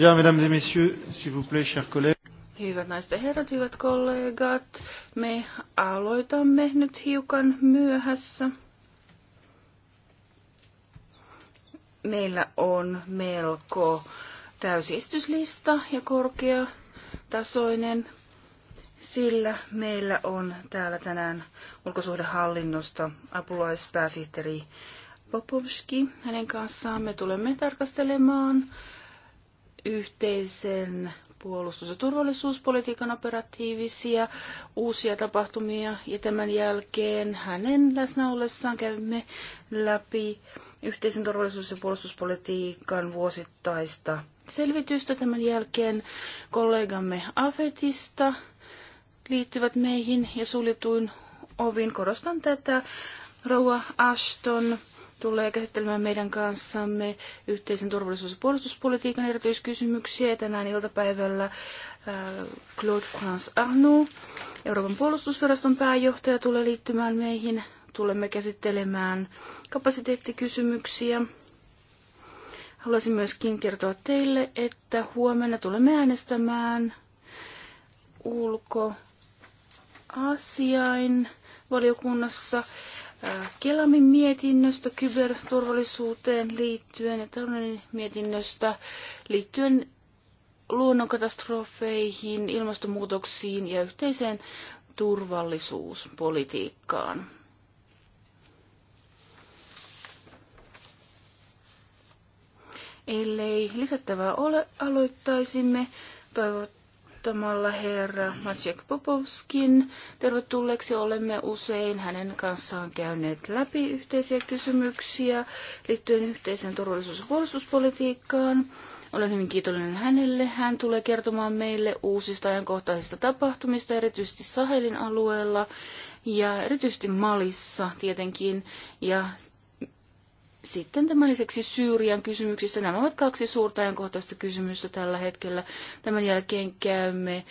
Bien, mesdames et messieurs, s'il vous plaît, chers collègues. Hyvät naiset ja herrat, hyvät kollegat, me aloitamme nyt hiukan myöhässä. Meillä on melko täysistyslista ja korkeatasoinen, sillä meillä on täällä tänään ulkosuhdehallinnosta apulaispääsihteeri Popovski. Hänen kanssaan me tulemme tarkastelemaan yhteisen puolustus- ja turvallisuuspolitiikan operatiivisia uusia tapahtumia ja tämän jälkeen hänen läsnä ollessaan käymme läpi yhteisen turvallisuus- ja puolustuspolitiikan vuosittaista selvitystä. Tämän jälkeen kollegamme Afetista liittyvät meihin ja suljetuin ovin. Korostan tätä. Rouva Ashton tulee käsittelemään meidän kanssamme yhteisen turvallisuus- ja puolustuspolitiikan erityiskysymyksiä. Tänään iltapäivällä äh, Claude France Arnoux, Euroopan puolustusviraston pääjohtaja, tulee liittymään meihin. Tulemme käsittelemään kapasiteettikysymyksiä. Haluaisin myöskin kertoa teille, että huomenna tulemme äänestämään ulkoasiain valiokunnassa Kelamin mietinnöstä kyberturvallisuuteen liittyen ja Tarunin mietinnöstä liittyen luonnonkatastrofeihin, ilmastonmuutoksiin ja yhteiseen turvallisuuspolitiikkaan. Ellei lisättävää ole, aloittaisimme toivot toivottamalla herra Maciek Popovskin tervetulleeksi. Olemme usein hänen kanssaan käyneet läpi yhteisiä kysymyksiä liittyen yhteiseen turvallisuus- ja puolustuspolitiikkaan. Olen hyvin kiitollinen hänelle. Hän tulee kertomaan meille uusista ajankohtaisista tapahtumista, erityisesti Sahelin alueella ja erityisesti Malissa tietenkin, ja sitten tämän lisäksi Syyrian kysymyksistä. Nämä ovat kaksi suurta ajankohtaista kysymystä tällä hetkellä. Tämän jälkeen käymme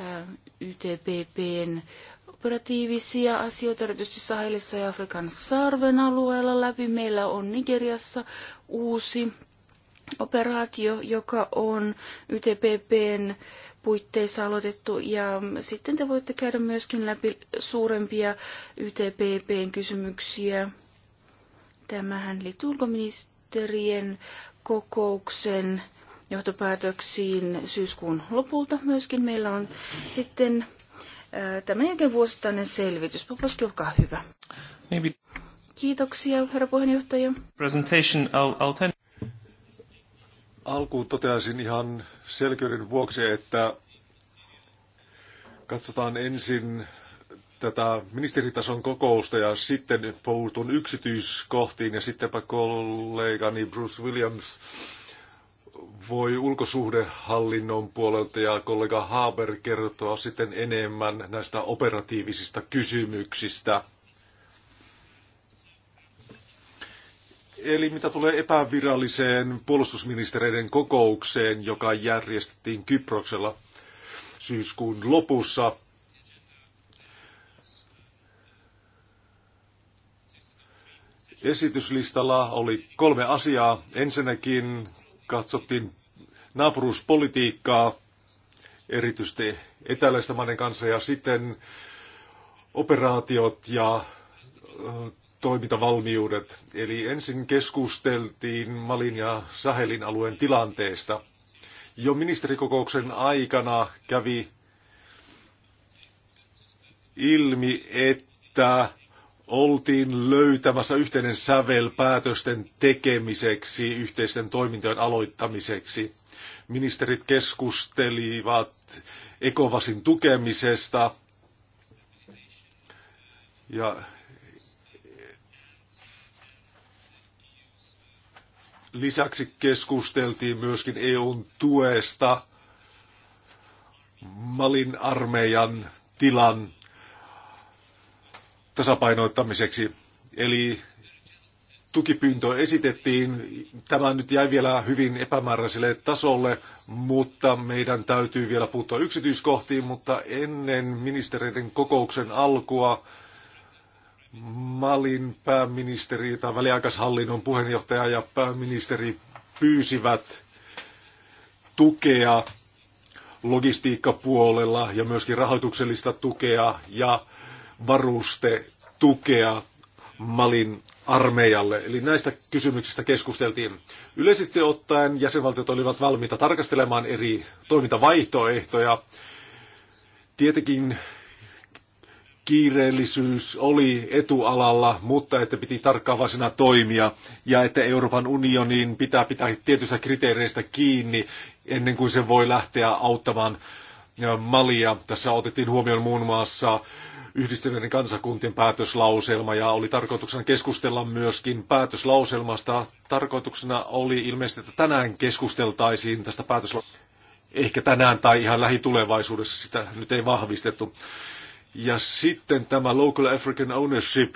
äh, YTPPn operatiivisia asioita, erityisesti Sahelissa ja Afrikan sarven alueella läpi. Meillä on Nigeriassa uusi operaatio, joka on YTPPn puitteissa aloitettu ja sitten te voitte käydä myöskin läpi suurempia YTPPn kysymyksiä Tämähän liittyy ulkoministerien kokouksen johtopäätöksiin syyskuun lopulta myöskin. Meillä on sitten äh, tämän jälkeen vuosittainen selvitys. Poposki, olkaa hyvä. Maybe. Kiitoksia, herra puheenjohtaja. Presentation, I'll, I'll Alkuun toteaisin ihan selkeyden vuoksi, että katsotaan ensin tätä ministeritason kokousta ja sitten puutun yksityiskohtiin ja sittenpä kollegani Bruce Williams voi ulkosuhdehallinnon puolelta ja kollega Haber kertoa sitten enemmän näistä operatiivisista kysymyksistä. Eli mitä tulee epäviralliseen puolustusministereiden kokoukseen, joka järjestettiin Kyproksella syyskuun lopussa, Esityslistalla oli kolme asiaa. Ensinnäkin katsottiin naapuruuspolitiikkaa erityisesti eteläisten maiden kanssa ja sitten operaatiot ja toimintavalmiudet. Eli ensin keskusteltiin Malin ja Sahelin alueen tilanteesta. Jo ministerikokouksen aikana kävi ilmi, että oltiin löytämässä yhteinen sävel päätösten tekemiseksi, yhteisten toimintojen aloittamiseksi. Ministerit keskustelivat Ekovasin tukemisesta ja lisäksi keskusteltiin myöskin EUn tuesta Malin armeijan tilan tasapainottamiseksi. Eli tukipyyntö esitettiin. Tämä nyt jäi vielä hyvin epämääräiselle tasolle, mutta meidän täytyy vielä puuttua yksityiskohtiin, mutta ennen ministereiden kokouksen alkua Malin pääministeri tai väliaikaishallinnon puheenjohtaja ja pääministeri pyysivät tukea logistiikkapuolella ja myöskin rahoituksellista tukea ja varuste tukea Malin armeijalle. Eli näistä kysymyksistä keskusteltiin. Yleisesti ottaen jäsenvaltiot olivat valmiita tarkastelemaan eri toimintavaihtoehtoja. Tietenkin kiireellisyys oli etualalla, mutta että piti tarkkaavaisena toimia ja että Euroopan unionin pitää pitää tietyistä kriteereistä kiinni ennen kuin se voi lähteä auttamaan Malia. Tässä otettiin huomioon muun muassa yhdistyneiden kansakuntien päätöslauselma ja oli tarkoituksena keskustella myöskin päätöslauselmasta. Tarkoituksena oli ilmeisesti, että tänään keskusteltaisiin tästä päätöslauselmasta. Ehkä tänään tai ihan lähitulevaisuudessa sitä nyt ei vahvistettu. Ja sitten tämä Local African Ownership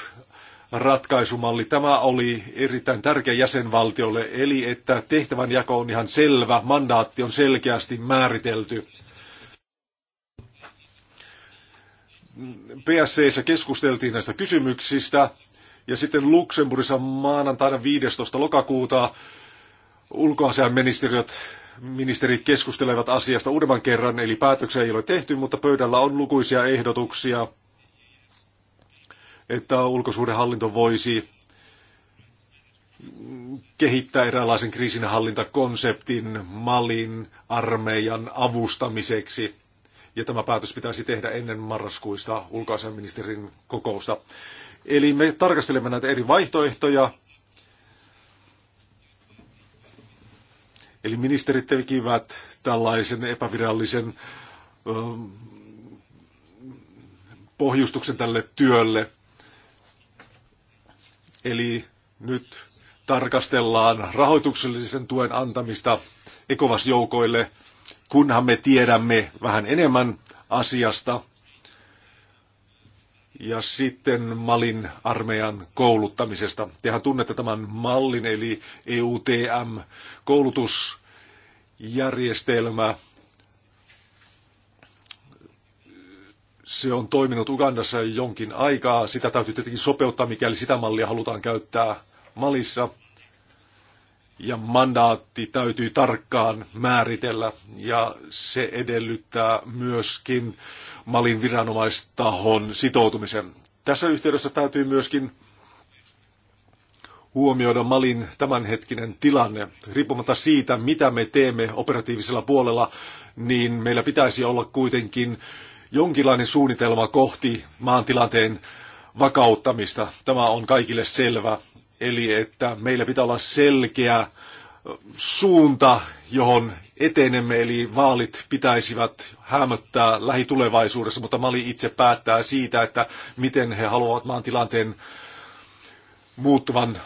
ratkaisumalli. Tämä oli erittäin tärkeä jäsenvaltiolle, eli että tehtävänjako on ihan selvä, mandaatti on selkeästi määritelty. PSCssä keskusteltiin näistä kysymyksistä ja sitten Luxemburgissa maanantaina 15. lokakuuta ulkoasiainministeriöt ministerit keskustelevat asiasta uudemman kerran, eli päätöksiä ei ole tehty, mutta pöydällä on lukuisia ehdotuksia, että ulkosuhdehallinto voisi kehittää eräänlaisen kriisinhallintakonseptin malin armeijan avustamiseksi ja tämä päätös pitäisi tehdä ennen marraskuista ulkoasiaministerin kokousta. Eli me tarkastelemme näitä eri vaihtoehtoja. Eli ministerit tekivät tällaisen epävirallisen ähm, pohjustuksen tälle työlle. Eli nyt tarkastellaan rahoituksellisen tuen antamista ekovasjoukoille. – kunhan me tiedämme vähän enemmän asiasta. Ja sitten Malin armeijan kouluttamisesta. Tehän tunnette tämän mallin, eli EUTM-koulutusjärjestelmä. Se on toiminut Ugandassa jonkin aikaa. Sitä täytyy tietenkin sopeuttaa, mikäli sitä mallia halutaan käyttää Malissa – ja mandaatti täytyy tarkkaan määritellä ja se edellyttää myöskin Malin viranomaistahon sitoutumisen. Tässä yhteydessä täytyy myöskin huomioida Malin tämänhetkinen tilanne. Riippumatta siitä, mitä me teemme operatiivisella puolella, niin meillä pitäisi olla kuitenkin jonkinlainen suunnitelma kohti maan tilanteen vakauttamista. Tämä on kaikille selvä. Eli että meillä pitää olla selkeä suunta, johon etenemme, eli vaalit pitäisivät hämöttää lähitulevaisuudessa, mutta Mali itse päättää siitä, että miten he haluavat maan tilanteen muuttuvan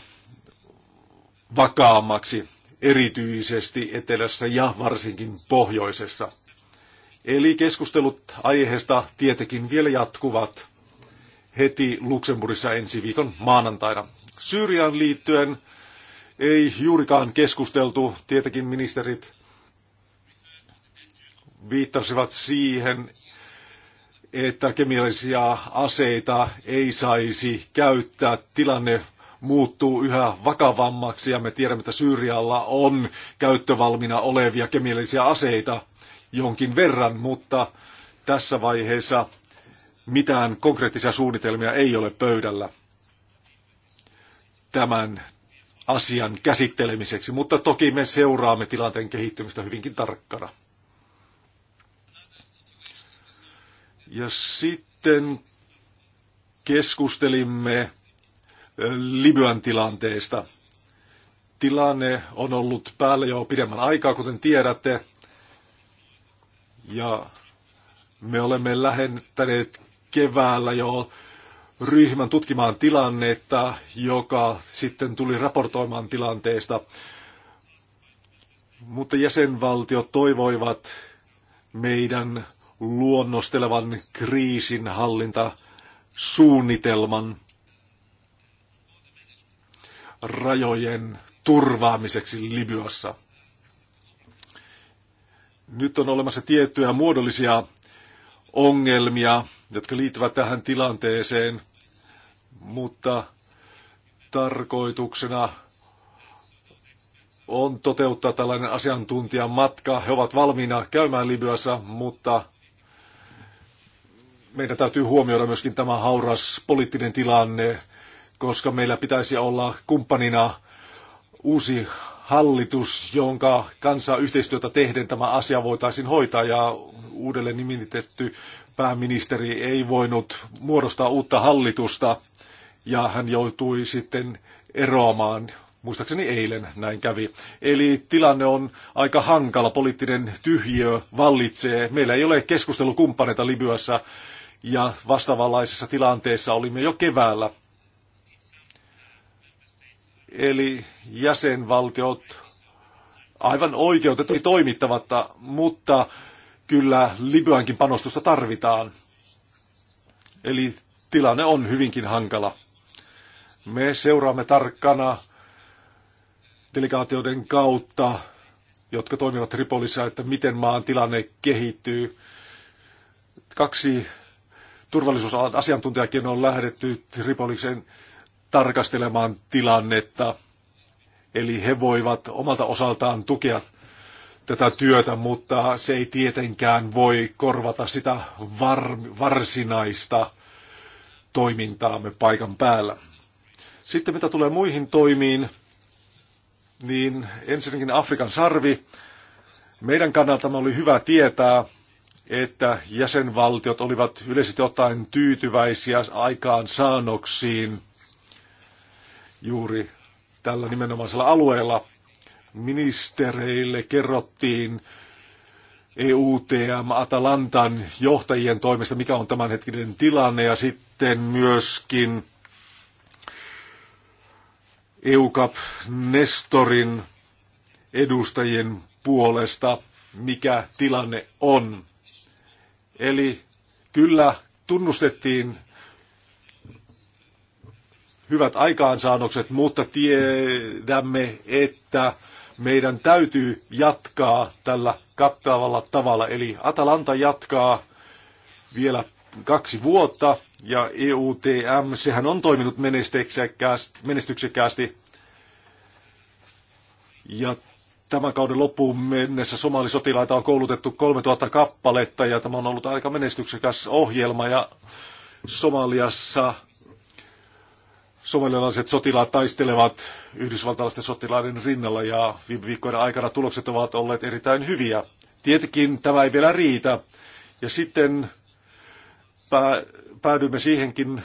vakaammaksi, erityisesti etelässä ja varsinkin pohjoisessa. Eli keskustelut aiheesta tietenkin vielä jatkuvat heti Luxemburgissa ensi viikon maanantaina. Syyrian liittyen ei juurikaan keskusteltu. Tietenkin ministerit viittasivat siihen, että kemiallisia aseita ei saisi käyttää. Tilanne muuttuu yhä vakavammaksi ja me tiedämme, että Syyrialla on käyttövalmiina olevia kemiallisia aseita jonkin verran, mutta tässä vaiheessa mitään konkreettisia suunnitelmia ei ole pöydällä tämän asian käsittelemiseksi, mutta toki me seuraamme tilanteen kehittymistä hyvinkin tarkkana. Ja sitten keskustelimme Libyan tilanteesta. Tilanne on ollut päällä jo pidemmän aikaa, kuten tiedätte, ja me olemme lähettäneet keväällä jo ryhmän tutkimaan tilannetta, joka sitten tuli raportoimaan tilanteesta. Mutta jäsenvaltiot toivoivat meidän luonnostelevan kriisin suunnitelman rajojen turvaamiseksi Libyassa. Nyt on olemassa tiettyjä muodollisia ongelmia, jotka liittyvät tähän tilanteeseen, mutta tarkoituksena on toteuttaa tällainen asiantuntijan matka. He ovat valmiina käymään Libyassa, mutta meidän täytyy huomioida myöskin tämä hauras poliittinen tilanne, koska meillä pitäisi olla kumppanina uusi hallitus, jonka kanssa yhteistyötä tehden tämä asia voitaisiin hoitaa ja uudelleen nimitetty pääministeri ei voinut muodostaa uutta hallitusta ja hän joutui sitten eroamaan. Muistaakseni eilen näin kävi. Eli tilanne on aika hankala, poliittinen tyhjiö vallitsee. Meillä ei ole keskustelukumppaneita Libyassa ja vastaavanlaisessa tilanteessa olimme jo keväällä. Eli jäsenvaltiot aivan oikeutettu toimittavatta, mutta kyllä Libyankin panostusta tarvitaan. Eli tilanne on hyvinkin hankala. Me seuraamme tarkkana delegaatioiden kautta, jotka toimivat Tripolissa, että miten maan tilanne kehittyy. Kaksi turvallisuusasiantuntijakin on lähdetty Tripolisen tarkastelemaan tilannetta. Eli he voivat omalta osaltaan tukea tätä työtä, mutta se ei tietenkään voi korvata sitä var, varsinaista toimintaamme paikan päällä. Sitten mitä tulee muihin toimiin, niin ensinnäkin Afrikan sarvi. Meidän kannalta oli hyvä tietää, että jäsenvaltiot olivat yleisesti ottaen tyytyväisiä aikaan saannoksiin juuri tällä nimenomaisella alueella. Ministereille kerrottiin EUTM Atalantan johtajien toimesta, mikä on tämänhetkinen tilanne, ja sitten myöskin EUCAP Nestorin edustajien puolesta, mikä tilanne on. Eli kyllä tunnustettiin hyvät aikaansaannokset, mutta tiedämme, että meidän täytyy jatkaa tällä kattavalla tavalla. Eli Atalanta jatkaa vielä kaksi vuotta ja EUTM, sehän on toiminut menestyksekkäästi. Ja tämän kauden loppuun mennessä somalisotilaita on koulutettu 3000 kappaletta ja tämä on ollut aika menestyksekäs ohjelma ja Somaliassa somalialaiset sotilaat taistelevat yhdysvaltalaisten sotilaiden rinnalla ja viime viikkojen aikana tulokset ovat olleet erittäin hyviä. Tietenkin tämä ei vielä riitä. Ja sitten päädyimme siihenkin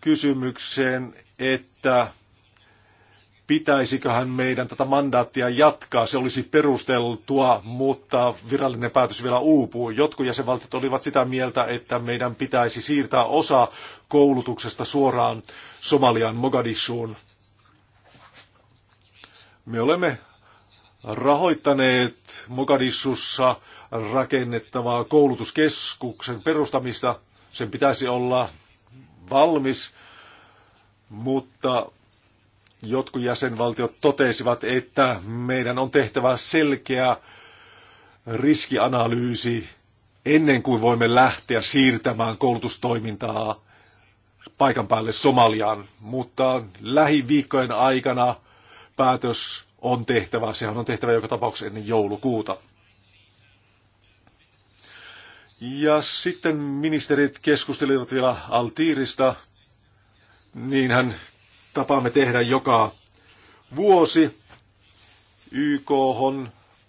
kysymykseen, että pitäisiköhän meidän tätä mandaattia jatkaa. Se olisi perusteltua, mutta virallinen päätös vielä uupuu. Jotkut jäsenvaltiot olivat sitä mieltä, että meidän pitäisi siirtää osa koulutuksesta suoraan Somalian Mogadishuun. Me olemme rahoittaneet Mogadissussa rakennettavaa koulutuskeskuksen perustamista. Sen pitäisi olla valmis, mutta jotkut jäsenvaltiot totesivat, että meidän on tehtävä selkeä riskianalyysi ennen kuin voimme lähteä siirtämään koulutustoimintaa paikan päälle Somaliaan. Mutta lähiviikkojen aikana päätös on tehtävä. Sehän on tehtävä joka tapauksessa ennen joulukuuta. Ja sitten ministerit keskustelivat vielä Altiirista. Niin hän tapaamme tehdä joka vuosi. YK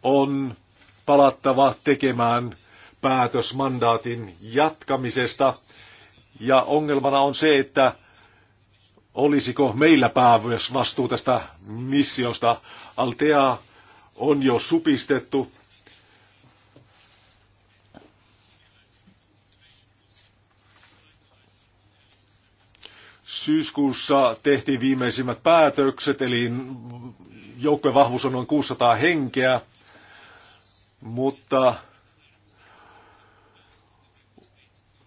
on palattava tekemään päätös mandaatin jatkamisesta. Ja ongelmana on se, että olisiko meillä vastuu tästä missiosta. Altea on jo supistettu Syyskuussa tehtiin viimeisimmät päätökset, eli joukkojen vahvuus on noin 600 henkeä, mutta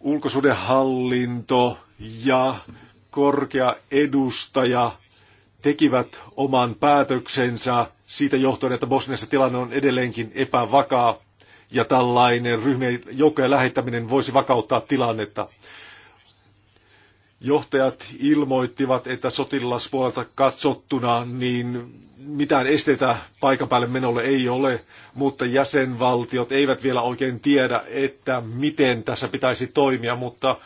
ulkosuudenhallinto ja korkea edustaja tekivät oman päätöksensä siitä johtuen, että Bosniassa tilanne on edelleenkin epävakaa ja tällainen ryhmien joukkojen lähettäminen voisi vakauttaa tilannetta johtajat ilmoittivat, että sotilaspuolelta katsottuna niin mitään esteitä paikan päälle menolle ei ole, mutta jäsenvaltiot eivät vielä oikein tiedä, että miten tässä pitäisi toimia, mutta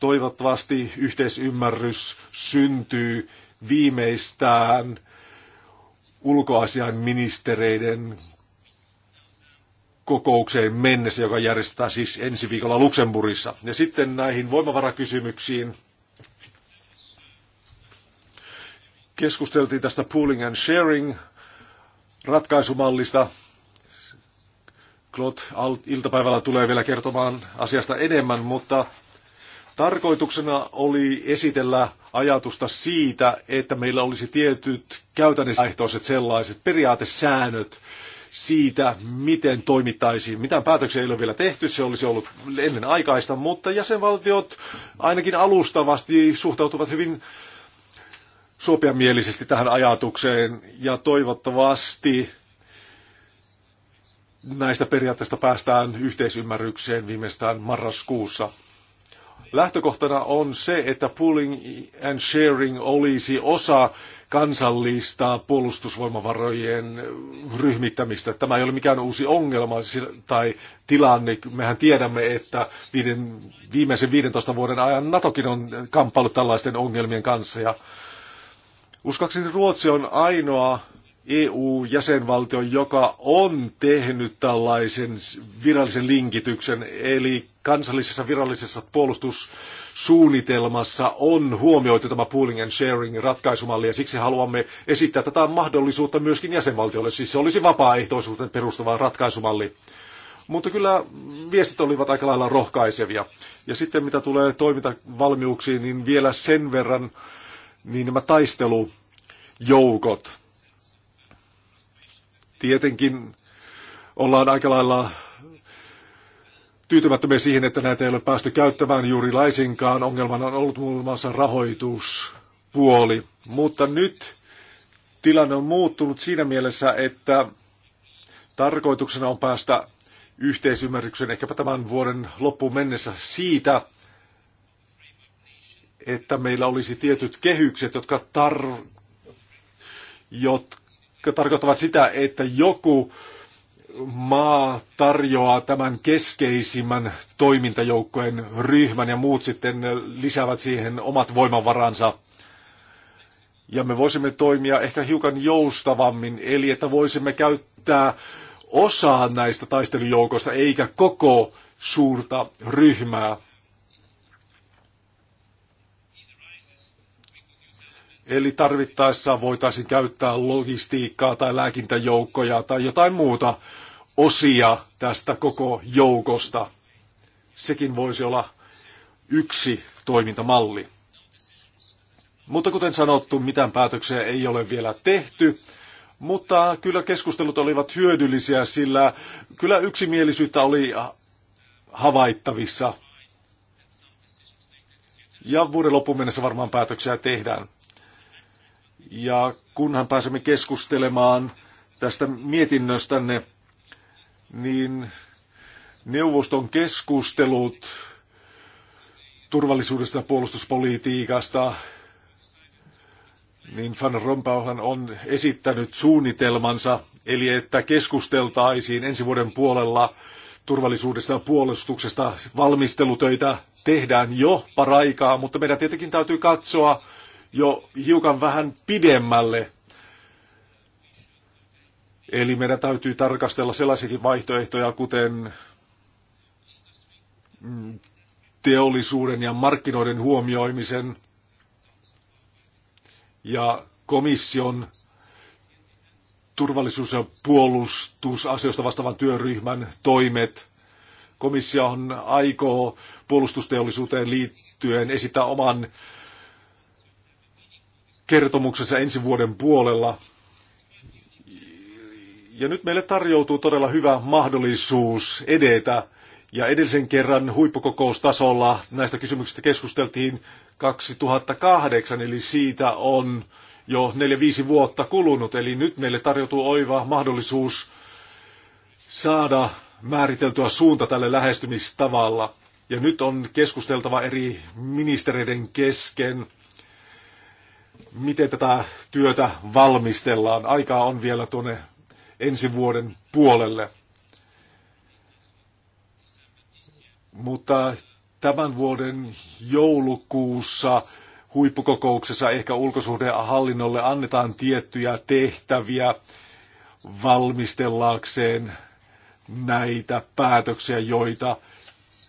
toivottavasti yhteisymmärrys syntyy viimeistään ulkoasian ministereiden kokoukseen mennessä, joka järjestetään siis ensi viikolla Luxemburgissa. Ja sitten näihin voimavarakysymyksiin. keskusteltiin tästä pooling and sharing ratkaisumallista. Claude iltapäivällä tulee vielä kertomaan asiasta enemmän, mutta tarkoituksena oli esitellä ajatusta siitä, että meillä olisi tietyt käytännössäaihtoiset sellaiset periaatesäännöt siitä, miten toimittaisiin. Mitään päätöksiä ei ole vielä tehty, se olisi ollut ennen aikaista, mutta jäsenvaltiot ainakin alustavasti suhtautuvat hyvin suopiamielisesti tähän ajatukseen ja toivottavasti näistä periaatteista päästään yhteisymmärrykseen viimeistään marraskuussa. Lähtökohtana on se, että pooling and sharing olisi osa kansallista puolustusvoimavarojen ryhmittämistä. Tämä ei ole mikään uusi ongelma tai tilanne. Mehän tiedämme, että viiden, viimeisen 15 vuoden ajan Natokin on kamppailut tällaisten ongelmien kanssa ja Uskoakseni Ruotsi on ainoa EU-jäsenvaltio, joka on tehnyt tällaisen virallisen linkityksen, eli kansallisessa virallisessa puolustussuunnitelmassa on huomioitu tämä pooling and sharing ratkaisumalli, ja siksi haluamme esittää tätä mahdollisuutta myöskin jäsenvaltioille, siis se olisi vapaaehtoisuuteen perustuva ratkaisumalli. Mutta kyllä viestit olivat aika lailla rohkaisevia. Ja sitten mitä tulee toimintavalmiuksiin, niin vielä sen verran, niin nämä taistelu joukot. Tietenkin ollaan aika lailla tyytymättömiä siihen, että näitä ei ole päästy käyttämään juuri laisinkaan. Ongelmana on ollut muun muassa rahoituspuoli. Mutta nyt tilanne on muuttunut siinä mielessä, että tarkoituksena on päästä yhteisymmärrykseen ehkäpä tämän vuoden loppuun mennessä siitä, että meillä olisi tietyt kehykset, jotka tar- jotka tarkoittavat sitä, että joku maa tarjoaa tämän keskeisimmän toimintajoukkojen ryhmän ja muut sitten lisäävät siihen omat voimavaransa. Ja me voisimme toimia ehkä hiukan joustavammin, eli että voisimme käyttää osaa näistä taistelujoukoista eikä koko suurta ryhmää. Eli tarvittaessa voitaisiin käyttää logistiikkaa tai lääkintäjoukkoja tai jotain muuta osia tästä koko joukosta. Sekin voisi olla yksi toimintamalli. Mutta kuten sanottu, mitään päätöksiä ei ole vielä tehty, mutta kyllä keskustelut olivat hyödyllisiä, sillä kyllä yksimielisyyttä oli havaittavissa. Ja vuoden loppuun mennessä varmaan päätöksiä tehdään. Ja kunhan pääsemme keskustelemaan tästä mietinnöstänne, niin neuvoston keskustelut turvallisuudesta ja puolustuspolitiikasta, niin Van Rompuyhan on esittänyt suunnitelmansa, eli että keskusteltaisiin ensi vuoden puolella turvallisuudesta ja puolustuksesta. Valmistelutöitä tehdään jo paraikaa, mutta meidän tietenkin täytyy katsoa, jo hiukan vähän pidemmälle. Eli meidän täytyy tarkastella sellaisiakin vaihtoehtoja, kuten mm, teollisuuden ja markkinoiden huomioimisen ja komission turvallisuus- ja puolustusasioista vastaavan työryhmän toimet. Komissio on aikoo puolustusteollisuuteen liittyen esittää oman kertomuksessa ensi vuoden puolella. Ja nyt meille tarjoutuu todella hyvä mahdollisuus edetä. Ja edellisen kerran huippukokoustasolla näistä kysymyksistä keskusteltiin 2008, eli siitä on jo 4-5 vuotta kulunut. Eli nyt meille tarjoutuu oiva mahdollisuus saada määriteltyä suunta tälle lähestymistavalla. Ja nyt on keskusteltava eri ministereiden kesken – miten tätä työtä valmistellaan. Aikaa on vielä tuonne ensi vuoden puolelle. Mutta tämän vuoden joulukuussa huippukokouksessa ehkä ulkosuhdehallinnolle annetaan tiettyjä tehtäviä valmistellaakseen näitä päätöksiä, joita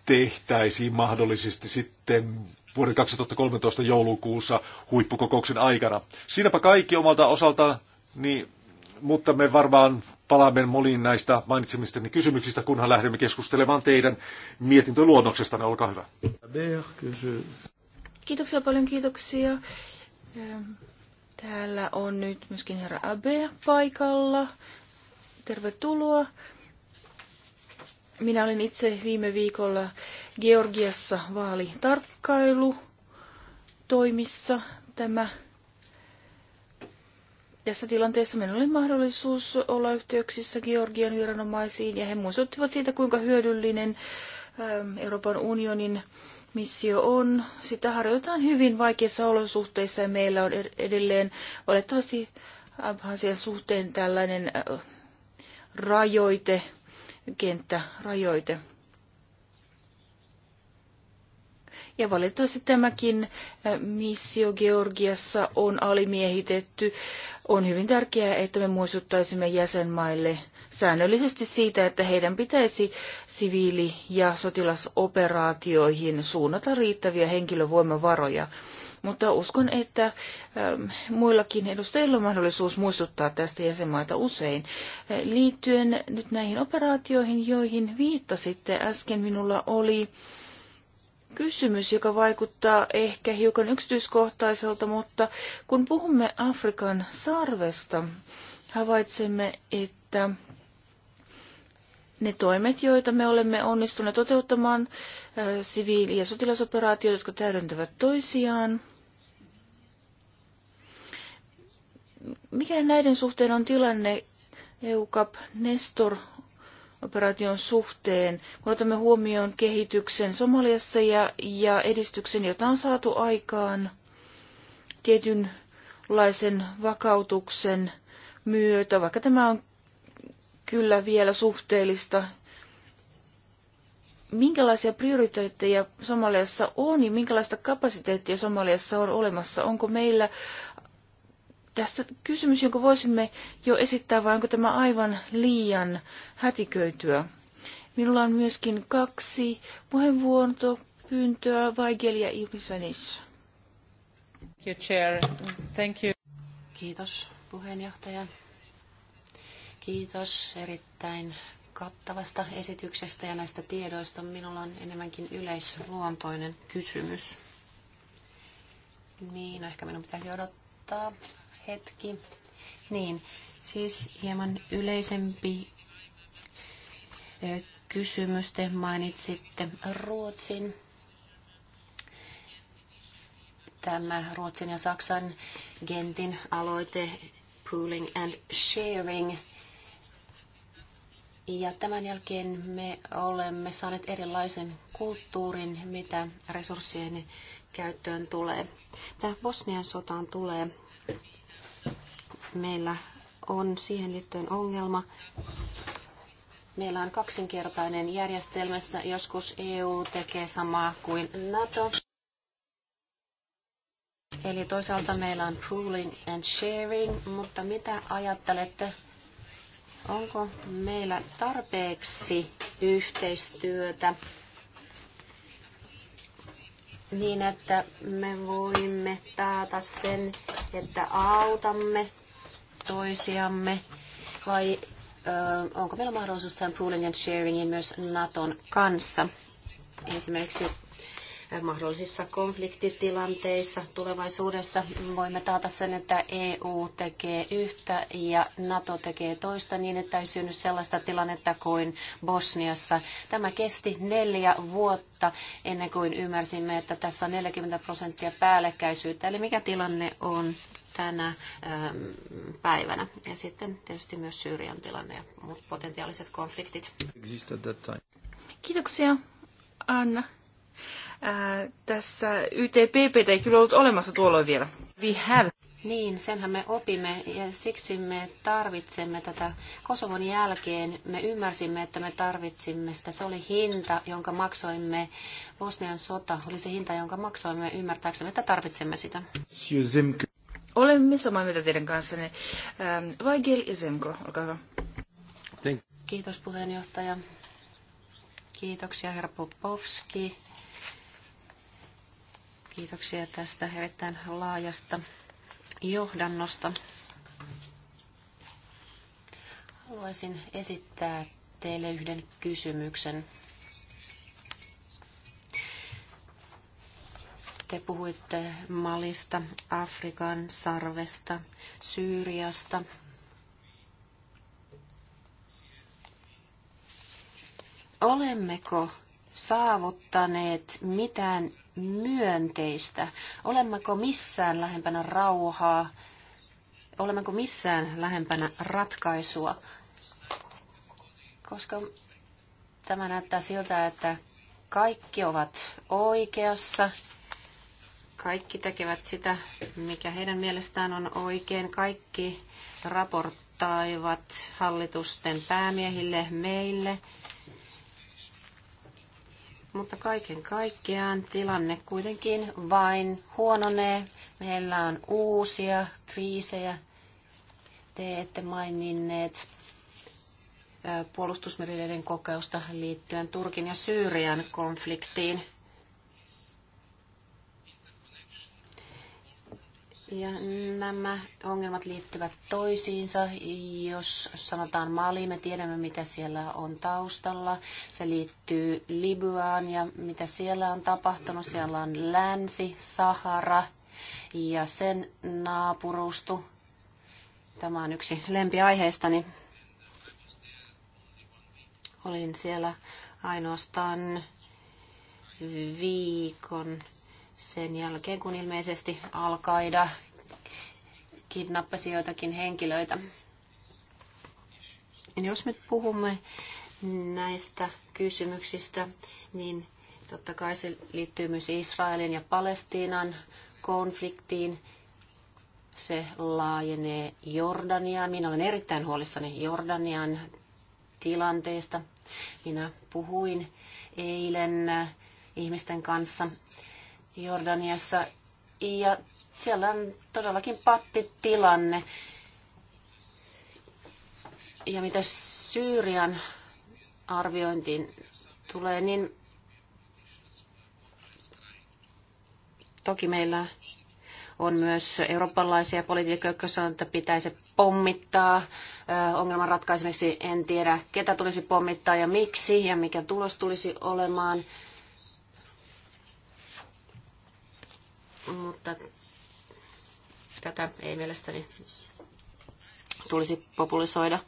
tehtäisiin mahdollisesti sitten vuoden 2013 joulukuussa huippukokouksen aikana. Siinäpä kaikki omalta osaltaan, niin, mutta me varmaan palaamme moniin näistä mainitsemistani kysymyksistä, kunhan lähdemme keskustelemaan teidän mietintöluonnoksestanne. Olkaa hyvä. Kiitoksia paljon, kiitoksia. Ehm, täällä on nyt myöskin herra Abe paikalla. Tervetuloa. Minä olin itse viime viikolla Georgiassa vaalitarkkailu toimissa tämä tässä tilanteessa minulla oli mahdollisuus olla yhteyksissä Georgian viranomaisiin ja he muistuttivat siitä, kuinka hyödyllinen ähm, Euroopan unionin missio on. Sitä harjoitetaan hyvin vaikeissa olosuhteissa ja meillä on edelleen valitettavasti Abhasian suhteen tällainen äh, rajoite, kenttärajoite. Ja valitettavasti tämäkin missio Georgiassa on alimiehitetty. On hyvin tärkeää, että me muistuttaisimme jäsenmaille säännöllisesti siitä, että heidän pitäisi siviili- ja sotilasoperaatioihin suunnata riittäviä henkilövoimavaroja mutta uskon, että ähm, muillakin edustajilla on mahdollisuus muistuttaa tästä jäsenmaita usein. Äh, liittyen nyt näihin operaatioihin, joihin viittasitte äsken, minulla oli kysymys, joka vaikuttaa ehkä hiukan yksityiskohtaiselta, mutta kun puhumme Afrikan sarvesta, havaitsemme, että ne toimet, joita me olemme onnistuneet toteuttamaan, äh, siviili- ja sotilasoperaatiot, jotka täydentävät toisiaan, Mikä näiden suhteen on tilanne EUCAP Nestor operaation suhteen, kun otamme huomioon kehityksen Somaliassa ja, ja edistyksen, jota on saatu aikaan tietynlaisen vakautuksen myötä, vaikka tämä on kyllä vielä suhteellista. Minkälaisia prioriteetteja Somaliassa on ja minkälaista kapasiteettia Somaliassa on olemassa? Onko meillä tässä kysymys, jonka voisimme jo esittää, vai onko tämä aivan liian hätiköityä? Minulla on myöskin kaksi puheenvuoropyyntöä, Vaigel ja Thank you. Kiitos puheenjohtaja. Kiitos erittäin kattavasta esityksestä ja näistä tiedoista. Minulla on enemmänkin yleisluontoinen kysymys. Niin, ehkä minun pitäisi odottaa hetki. Niin, siis hieman yleisempi kysymys. Te mainitsitte Ruotsin. Tämä Ruotsin ja Saksan Gentin aloite Pooling and Sharing. Ja tämän jälkeen me olemme saaneet erilaisen kulttuurin, mitä resurssien käyttöön tulee. tämä Bosnian sotaan tulee, meillä on siihen liittyen ongelma. Meillä on kaksinkertainen järjestelmässä. Joskus EU tekee samaa kuin NATO. Eli toisaalta meillä on pooling and sharing, mutta mitä ajattelette, onko meillä tarpeeksi yhteistyötä niin, että me voimme taata sen, että autamme toisiamme vai ö, onko meillä mahdollisuus tähän pooling and sharingiin myös Naton kanssa? Esimerkiksi mahdollisissa konfliktitilanteissa tulevaisuudessa voimme taata sen, että EU tekee yhtä ja NATO tekee toista niin, että ei synny sellaista tilannetta kuin Bosniassa. Tämä kesti neljä vuotta ennen kuin ymmärsimme, että tässä on 40 prosenttia päällekkäisyyttä. Eli mikä tilanne on tänä ähm, päivänä. Ja sitten tietysti myös Syyrian tilanne ja muut potentiaaliset konfliktit. Kiitoksia, Anna. Ää, äh, tässä YTPP ei kyllä ollut olemassa tuolloin vielä. We have. Niin, senhän me opimme ja siksi me tarvitsemme tätä. Kosovon jälkeen me ymmärsimme, että me tarvitsimme sitä. Se oli hinta, jonka maksoimme. Bosnian sota oli se hinta, jonka maksoimme ymmärtääksemme, että tarvitsemme sitä olemme samaa mieltä teidän kanssa, ähm, Vaigel ja olkaa hyvä. Kiitos puheenjohtaja. Kiitoksia herra Popovski. Kiitoksia tästä erittäin laajasta johdannosta. Haluaisin esittää teille yhden kysymyksen. Te puhuitte Malista, Afrikan sarvesta, Syyriasta. Olemmeko saavuttaneet mitään myönteistä? Olemmeko missään lähempänä rauhaa? Olemmeko missään lähempänä ratkaisua? Koska tämä näyttää siltä, että kaikki ovat oikeassa kaikki tekevät sitä, mikä heidän mielestään on oikein. Kaikki raporttaivat hallitusten päämiehille, meille. Mutta kaiken kaikkiaan tilanne kuitenkin vain huononee. Meillä on uusia kriisejä. Te ette maininneet puolustusmerineiden kokeusta liittyen Turkin ja Syyrian konfliktiin. Ja nämä ongelmat liittyvät toisiinsa. Jos sanotaan Mali, me tiedämme mitä siellä on taustalla. Se liittyy Libyaan ja mitä siellä on tapahtunut. Siellä on länsi, Sahara ja sen naapurustu. Tämä on yksi lempiaiheistani. Olin siellä ainoastaan viikon sen jälkeen, kun ilmeisesti Al-Qaida kidnappasi joitakin henkilöitä. Jos me puhumme näistä kysymyksistä, niin totta kai se liittyy myös Israelin ja Palestiinan konfliktiin. Se laajenee Jordaniaan. Minä olen erittäin huolissani Jordanian tilanteesta. Minä puhuin eilen ihmisten kanssa Jordaniassa. Ja siellä on todellakin pattitilanne. Ja mitä Syyrian arviointiin tulee, niin toki meillä on myös eurooppalaisia poliitikkoja, jotka sanoo, että pitäisi pommittaa ongelman ratkaisemiseksi. En tiedä, ketä tulisi pommittaa ja miksi ja mikä tulos tulisi olemaan. mutta tätä ei mielestäni tulisi populisoida.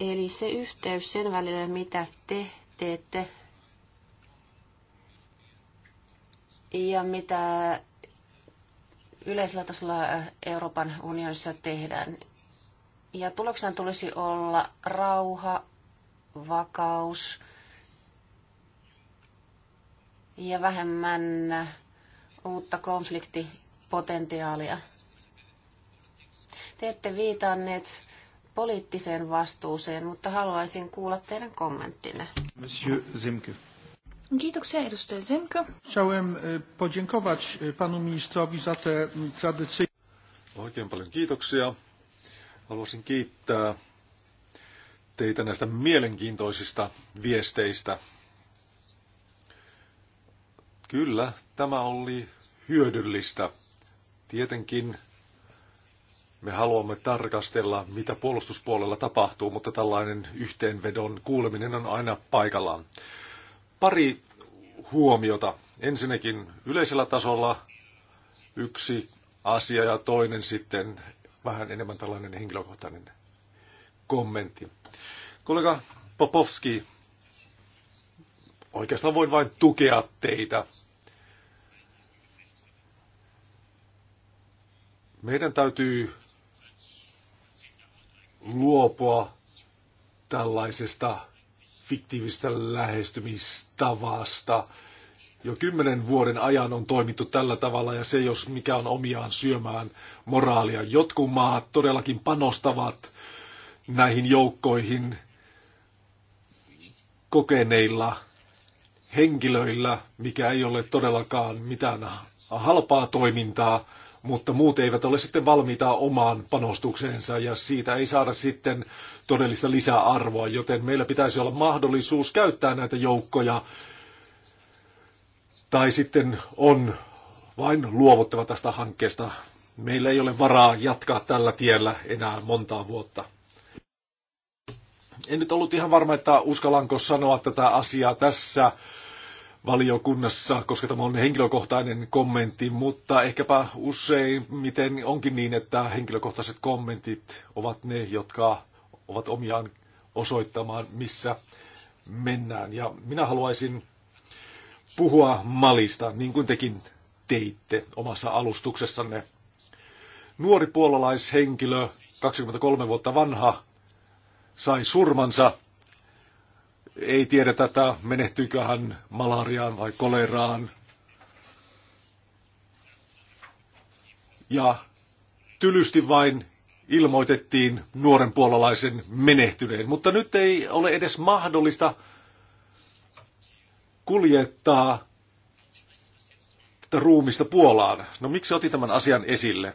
Eli se yhteys sen välillä, mitä te teette ja mitä yleisellä tasolla Euroopan unionissa tehdään. Ja tuloksena tulisi olla rauha, vakaus ja vähemmän uutta konfliktipotentiaalia. Te ette viitanneet poliittiseen vastuuseen, mutta haluaisin kuulla teidän kommenttinne. Monsieur Zemke. Kiitoksia edustaja Zemke. Chciałem e, podziękować e, panu ministrowi za te tradycyjne... Oikein paljon kiitoksia. Haluaisin kiittää teitä näistä mielenkiintoisista viesteistä Kyllä, tämä oli hyödyllistä. Tietenkin me haluamme tarkastella, mitä puolustuspuolella tapahtuu, mutta tällainen yhteenvedon kuuleminen on aina paikallaan. Pari huomiota. Ensinnäkin yleisellä tasolla yksi asia ja toinen sitten vähän enemmän tällainen henkilökohtainen kommentti. Kollega Popovski Oikeastaan voin vain tukea teitä. Meidän täytyy luopua tällaisesta fiktiivistä lähestymistavasta. Jo kymmenen vuoden ajan on toimittu tällä tavalla ja se, jos mikä on omiaan syömään moraalia. Jotkut maat todellakin panostavat näihin joukkoihin kokeneilla henkilöillä, mikä ei ole todellakaan mitään halpaa toimintaa, mutta muut eivät ole sitten valmiita omaan panostukseensa ja siitä ei saada sitten todellista lisäarvoa, joten meillä pitäisi olla mahdollisuus käyttää näitä joukkoja tai sitten on vain luovuttava tästä hankkeesta. Meillä ei ole varaa jatkaa tällä tiellä enää montaa vuotta. En nyt ollut ihan varma, että uskallanko sanoa tätä asiaa tässä valiokunnassa, koska tämä on henkilökohtainen kommentti, mutta ehkäpä usein miten onkin niin, että henkilökohtaiset kommentit ovat ne, jotka ovat omiaan osoittamaan, missä mennään. Ja minä haluaisin puhua Malista, niin kuin tekin teitte omassa alustuksessanne. Nuori puolalaishenkilö, 23 vuotta vanha, sai surmansa. Ei tiedä tätä, menehtyykö hän malariaan vai koleraan. Ja tylysti vain ilmoitettiin nuoren puolalaisen menehtyneen, mutta nyt ei ole edes mahdollista kuljettaa tätä ruumista Puolaan. No miksi otin tämän asian esille?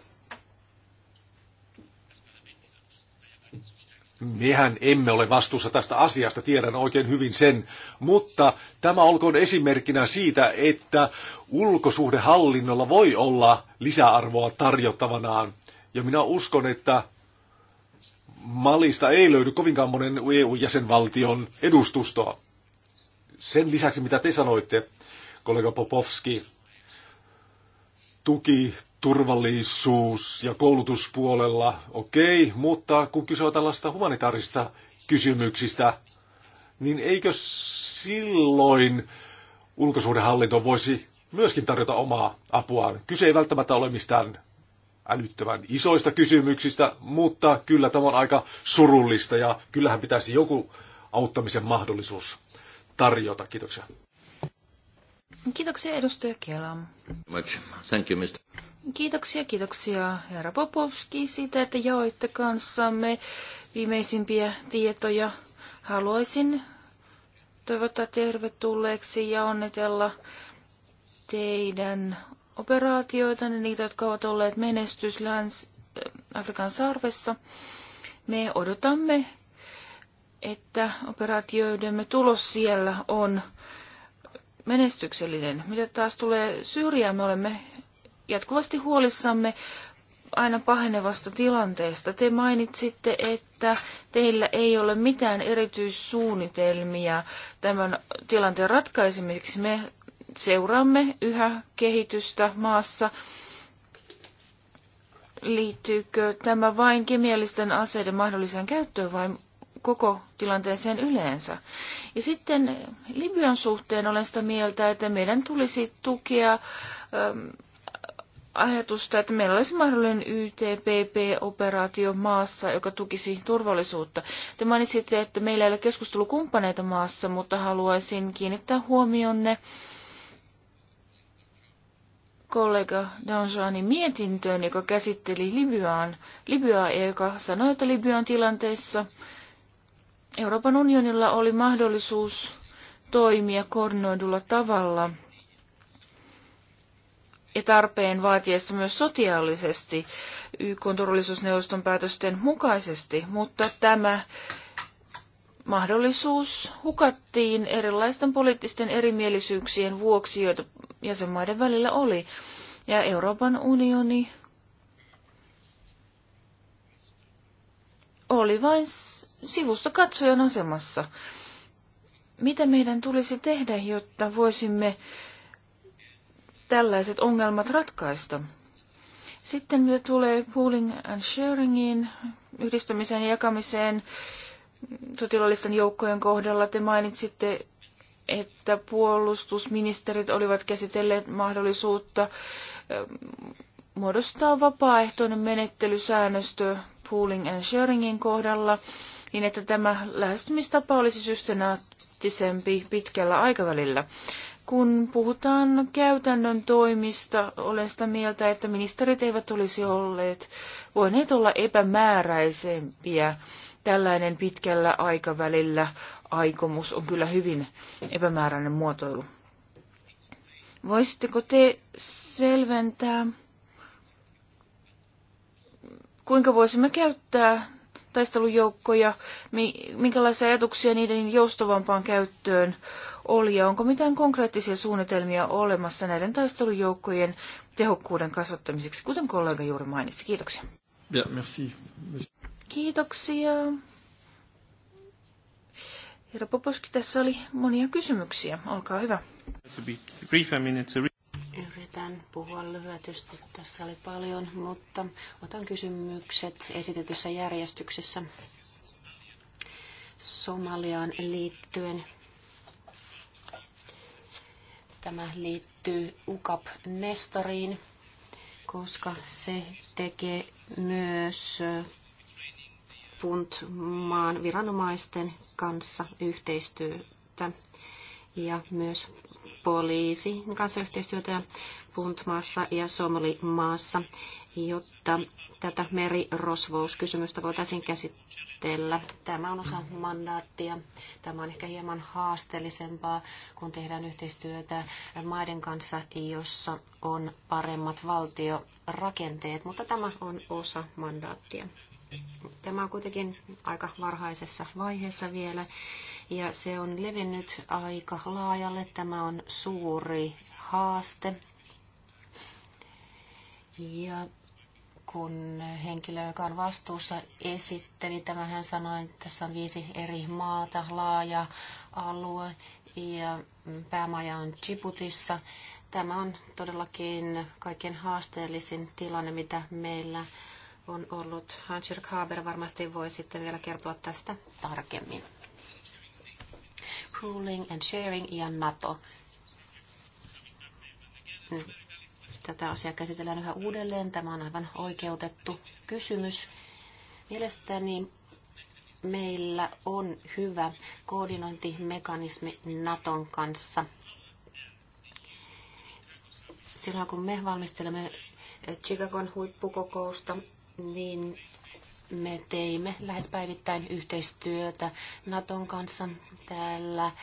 Mehän emme ole vastuussa tästä asiasta, tiedän oikein hyvin sen, mutta tämä olkoon esimerkkinä siitä, että ulkosuhdehallinnolla voi olla lisäarvoa tarjottavanaan. Ja minä uskon, että Malista ei löydy kovinkaan monen EU-jäsenvaltion edustustoa. Sen lisäksi, mitä te sanoitte, kollega Popovski, tuki turvallisuus- ja koulutuspuolella, okei, okay, mutta kun kyse on tällaista humanitaarisista kysymyksistä, niin eikö silloin ulkosuhdehallinto voisi myöskin tarjota omaa apuaan? Kyse ei välttämättä ole mistään älyttömän isoista kysymyksistä, mutta kyllä tämä on aika surullista ja kyllähän pitäisi joku auttamisen mahdollisuus tarjota. Kiitoksia. Kiitoksia edustaja Kela. Much. Thank you, Mr. Kiitoksia, kiitoksia herra Popovski siitä, että jaoitte kanssamme viimeisimpiä tietoja. Haluaisin toivottaa tervetulleeksi ja onnitella teidän operaatioitanne, niitä, jotka ovat olleet menestys Länsi-Afrikan äh, sarvessa. Me odotamme, että operaatioidemme tulos siellä on menestyksellinen. Mitä taas tulee Syyriaan, me olemme jatkuvasti huolissamme aina pahenevasta tilanteesta. Te mainitsitte, että teillä ei ole mitään erityissuunnitelmia tämän tilanteen ratkaisemiseksi. Me seuraamme yhä kehitystä maassa. Liittyykö tämä vain kemiallisten aseiden mahdolliseen käyttöön vai koko tilanteeseen yleensä. Ja sitten Libyan suhteen olen sitä mieltä, että meidän tulisi tukea ähm, ajatusta, että meillä olisi mahdollinen YTPP-operaatio maassa, joka tukisi turvallisuutta. Te mainitsitte, että meillä ei ole keskustelukumppaneita maassa, mutta haluaisin kiinnittää huomionne kollega Danjanin mietintöön, joka käsitteli Libyaan, Libyaa, joka sanoi, että Libyan tilanteessa – Euroopan unionilla oli mahdollisuus toimia koordinoidulla tavalla ja tarpeen vaatiessa myös sotiaallisesti YK turvallisuusneuvoston päätösten mukaisesti, mutta tämä mahdollisuus hukattiin erilaisten poliittisten erimielisyyksien vuoksi, joita jäsenmaiden välillä oli. Ja Euroopan unioni oli vain sivusta katsojan asemassa. Mitä meidän tulisi tehdä, jotta voisimme tällaiset ongelmat ratkaista? Sitten mitä tulee pooling and sharingiin, yhdistämiseen ja jakamiseen sotilaallisten joukkojen kohdalla, te mainitsitte, että puolustusministerit olivat käsitelleet mahdollisuutta ähm, muodostaa vapaaehtoinen menettelysäännöstö pooling and sharingin kohdalla niin että tämä lähestymistapa olisi systemaattisempi pitkällä aikavälillä. Kun puhutaan käytännön toimista, olen sitä mieltä, että ministerit eivät olisi olleet voineet olla epämääräisempiä. Tällainen pitkällä aikavälillä aikomus on kyllä hyvin epämääräinen muotoilu. Voisitteko te selventää, kuinka voisimme käyttää taistelujoukkoja, minkälaisia ajatuksia niiden joustavampaan käyttöön oli ja onko mitään konkreettisia suunnitelmia olemassa näiden taistelujoukkojen tehokkuuden kasvattamiseksi, kuten kollega juuri mainitsi. Kiitoksia. Ja, merci. Kiitoksia. Herra Poposki, tässä oli monia kysymyksiä. Olkaa hyvä. Yritän puhua lyhyesti. Tässä oli paljon, mutta otan kysymykset esitetyssä järjestyksessä. Somaliaan liittyen. Tämä liittyy UCAP nestoriin koska se tekee myös Puntmaan viranomaisten kanssa yhteistyötä ja myös poliisin kanssa yhteistyötä Puntmaassa ja Somalimaassa, jotta tätä merirosvouskysymystä voitaisiin käsitellä. Tämä on osa mandaattia. Tämä on ehkä hieman haasteellisempaa, kun tehdään yhteistyötä maiden kanssa, jossa on paremmat valtiorakenteet, mutta tämä on osa mandaattia. Tämä on kuitenkin aika varhaisessa vaiheessa vielä ja se on levinnyt aika laajalle. Tämä on suuri haaste. Ja kun henkilö, joka on vastuussa, esitteli tämän, hän sanoi, että tässä on viisi eri maata, laaja alue ja päämaja on Djiboutissa. Tämä on todellakin kaiken haasteellisin tilanne, mitä meillä on ollut. Hans-Jörg Haber varmasti voi sitten vielä kertoa tästä tarkemmin pooling and sharing ja NATO. Tätä asiaa käsitellään yhä uudelleen. Tämä on aivan oikeutettu kysymys. Mielestäni meillä on hyvä koordinointimekanismi Naton kanssa. Silloin kun me valmistelemme Chicagon huippukokousta, niin me teimme lähes päivittäin yhteistyötä Naton kanssa täällä äh,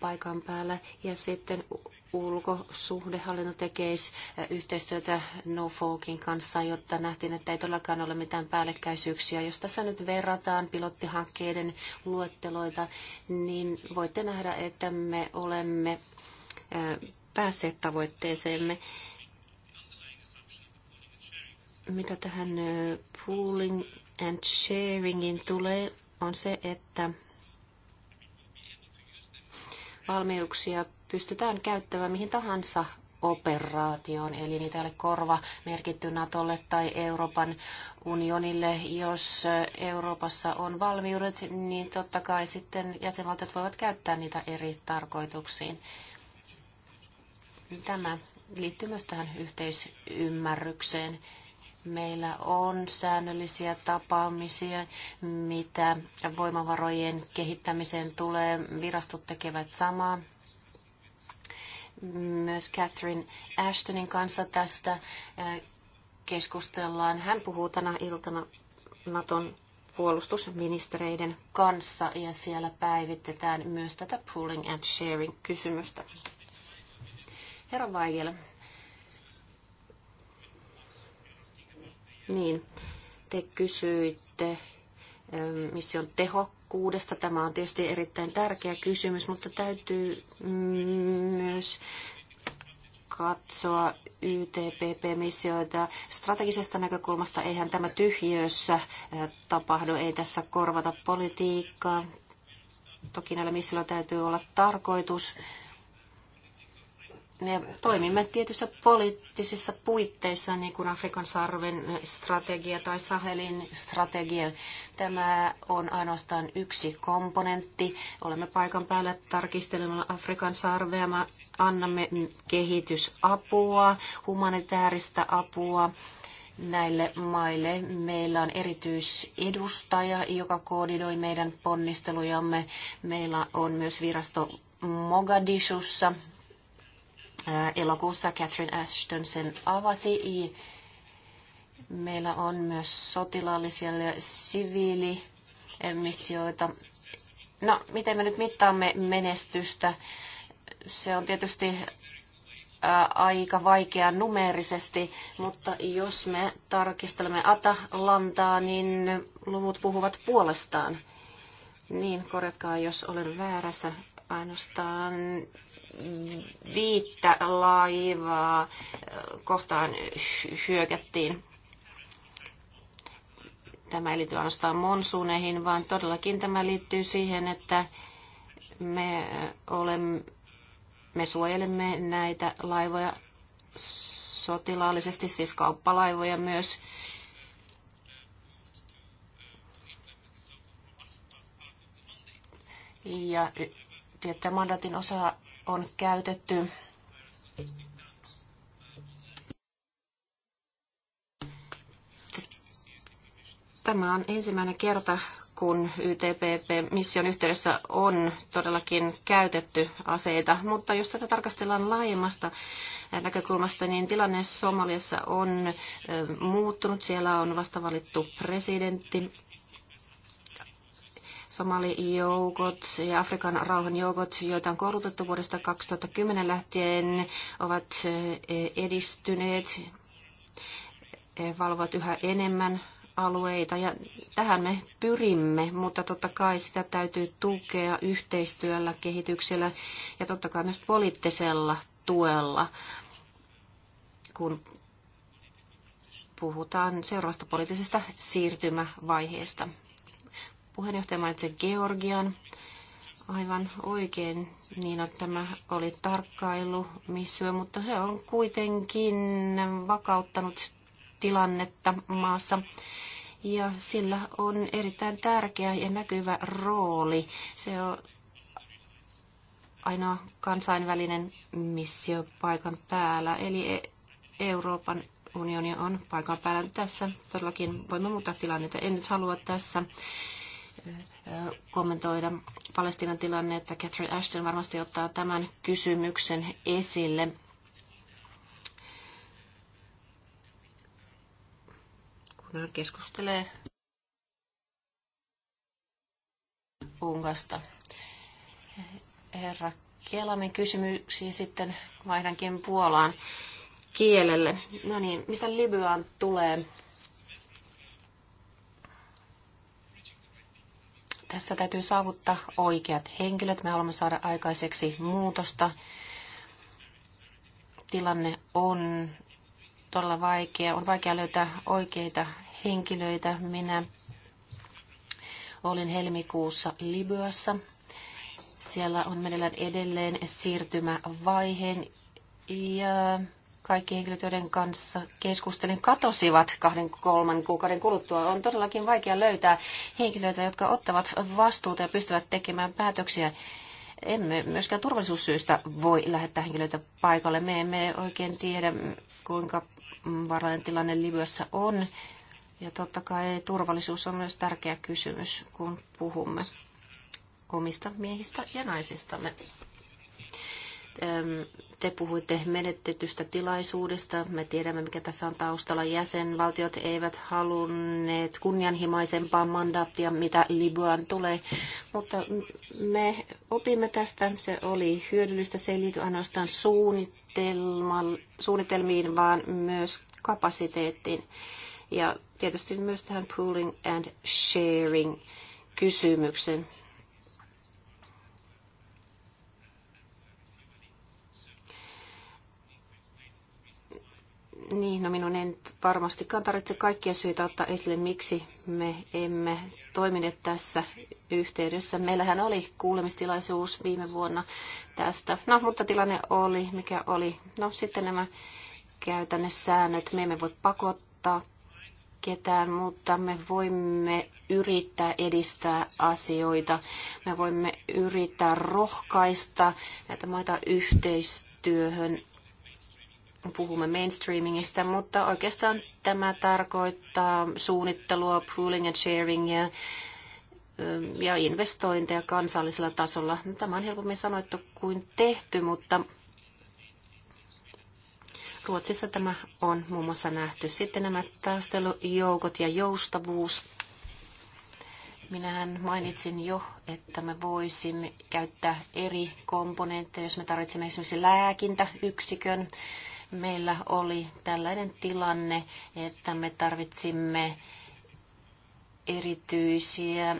paikan päällä ja sitten ulkosuhdehallinto tekee äh, yhteistyötä NoFokin kanssa, jotta nähtiin, että ei todellakaan ole mitään päällekkäisyyksiä. Jos tässä nyt verrataan pilottihankkeiden luetteloita, niin voitte nähdä, että me olemme äh, päässeet tavoitteeseemme. Mitä tähän pooling and sharingin tulee on se, että valmiuksia pystytään käyttämään mihin tahansa operaatioon, eli niitä ei ole korva merkitty Natolle tai Euroopan unionille. Jos Euroopassa on valmiudet, niin totta kai sitten jäsenvaltiot voivat käyttää niitä eri tarkoituksiin. Tämä liittyy myös tähän yhteisymmärrykseen. Meillä on säännöllisiä tapaamisia, mitä voimavarojen kehittämiseen tulee. Virastot tekevät samaa. Myös Catherine Ashtonin kanssa tästä äh, keskustellaan. Hän puhuu tänä iltana Naton puolustusministereiden kanssa ja siellä päivitetään myös tätä pooling and sharing kysymystä. Herra Weigel, Niin, te kysyitte ähm, mission tehokkuudesta. Tämä on tietysti erittäin tärkeä kysymys, mutta täytyy mm, myös katsoa YTPP-missioita strategisesta näkökulmasta. Eihän tämä tyhjössä äh, tapahdu, ei tässä korvata politiikkaa. Toki näillä missioilla täytyy olla tarkoitus, ne toimimme tietyissä poliittisissa puitteissa, niin kuin Afrikan sarven strategia tai Sahelin strategia. Tämä on ainoastaan yksi komponentti. Olemme paikan päällä tarkistelemalla Afrikan sarvea. Me annamme kehitysapua, humanitaarista apua näille maille. Meillä on erityisedustaja, joka koordinoi meidän ponnistelujamme. Meillä on myös virasto Mogadishussa, Elokuussa Catherine Ashton sen avasi. Meillä on myös sotilaallisia ja siviiliemissioita. No, miten me nyt mittaamme menestystä? Se on tietysti aika vaikea numeerisesti, mutta jos me tarkistelemme Atalantaa, niin luvut puhuvat puolestaan. Niin, korjatkaa, jos olen väärässä. Ainoastaan viittä laivaa kohtaan hyökättiin. Tämä ei liity ainoastaan monsuuneihin, vaan todellakin tämä liittyy siihen, että me, olemme, me suojelemme näitä laivoja sotilaallisesti, siis kauppalaivoja myös. Ja tiettyä mandaatin osaa on käytetty. Tämä on ensimmäinen kerta, kun YTPP-mission yhteydessä on todellakin käytetty aseita, mutta jos tätä tarkastellaan laajemmasta näkökulmasta, niin tilanne Somaliassa on muuttunut. Siellä on vasta valittu presidentti Somalijoukot ja Afrikan rauhanjoukot, joita on koulutettu vuodesta 2010 lähtien, ovat eh, edistyneet, eh, valvovat yhä enemmän alueita ja tähän me pyrimme, mutta totta kai sitä täytyy tukea yhteistyöllä, kehityksellä ja totta kai myös poliittisella tuella, kun puhutaan seuraavasta poliittisesta siirtymävaiheesta. Puheenjohtaja mainitsi Georgian. Aivan oikein, Niin että tämä oli tarkkailu missä, mutta se on kuitenkin vakauttanut tilannetta maassa. Ja sillä on erittäin tärkeä ja näkyvä rooli. Se on ainoa kansainvälinen missio paikan päällä, eli e- Euroopan unioni on paikan päällä. Tässä todellakin voimme muuttaa tilannetta. En nyt halua tässä kommentoida Palestinan tilannetta. Catherine Ashton varmasti ottaa tämän kysymyksen esille. Kun hän keskustelee Ungasta. Herra Kelamin kysymyksiin sitten vaihdankin Puolaan kielelle. No niin, mitä Libyaan tulee? Tässä täytyy saavuttaa oikeat henkilöt. Me haluamme saada aikaiseksi muutosta. Tilanne on todella vaikea. On vaikea löytää oikeita henkilöitä. Minä olin helmikuussa Libyassa. Siellä on meneillään edelleen siirtymävaiheen ja kaikki henkilöt, joiden kanssa keskustelin, katosivat kahden kolman kuukauden kuluttua. On todellakin vaikea löytää henkilöitä, jotka ottavat vastuuta ja pystyvät tekemään päätöksiä. Emme myöskään turvallisuussyistä voi lähettää henkilöitä paikalle. Me emme oikein tiedä, kuinka varainen tilanne Libyassa on. Ja totta kai turvallisuus on myös tärkeä kysymys, kun puhumme omista miehistä ja naisistamme te puhuitte menetetystä tilaisuudesta. Me tiedämme, mikä tässä on taustalla. Jäsenvaltiot eivät halunneet kunnianhimoisempaa mandaattia, mitä Libyan tulee. Mutta me opimme tästä. Se oli hyödyllistä. Se ei liity ainoastaan suunnitelmiin, vaan myös kapasiteettiin. Ja tietysti myös tähän pooling and sharing kysymyksen. Niin, no minun en varmastikaan tarvitse kaikkia syitä ottaa esille, miksi me emme toimineet tässä yhteydessä. Meillähän oli kuulemistilaisuus viime vuonna tästä. No, mutta tilanne oli, mikä oli. No, sitten nämä käytännössäännöt. Me emme voi pakottaa ketään, mutta me voimme yrittää edistää asioita. Me voimme yrittää rohkaista näitä maita yhteistyöhön puhumme mainstreamingista, mutta oikeastaan tämä tarkoittaa suunnittelua, pooling and sharing ja ähm, investointeja kansallisella tasolla. No, tämä on helpommin sanottu kuin tehty, mutta Ruotsissa tämä on muun muassa nähty. Sitten nämä taistelujoukot ja joustavuus. Minähän mainitsin jo, että me voisimme käyttää eri komponentteja, jos me tarvitsemme esimerkiksi lääkintäyksikön meillä oli tällainen tilanne, että me tarvitsimme erityisiä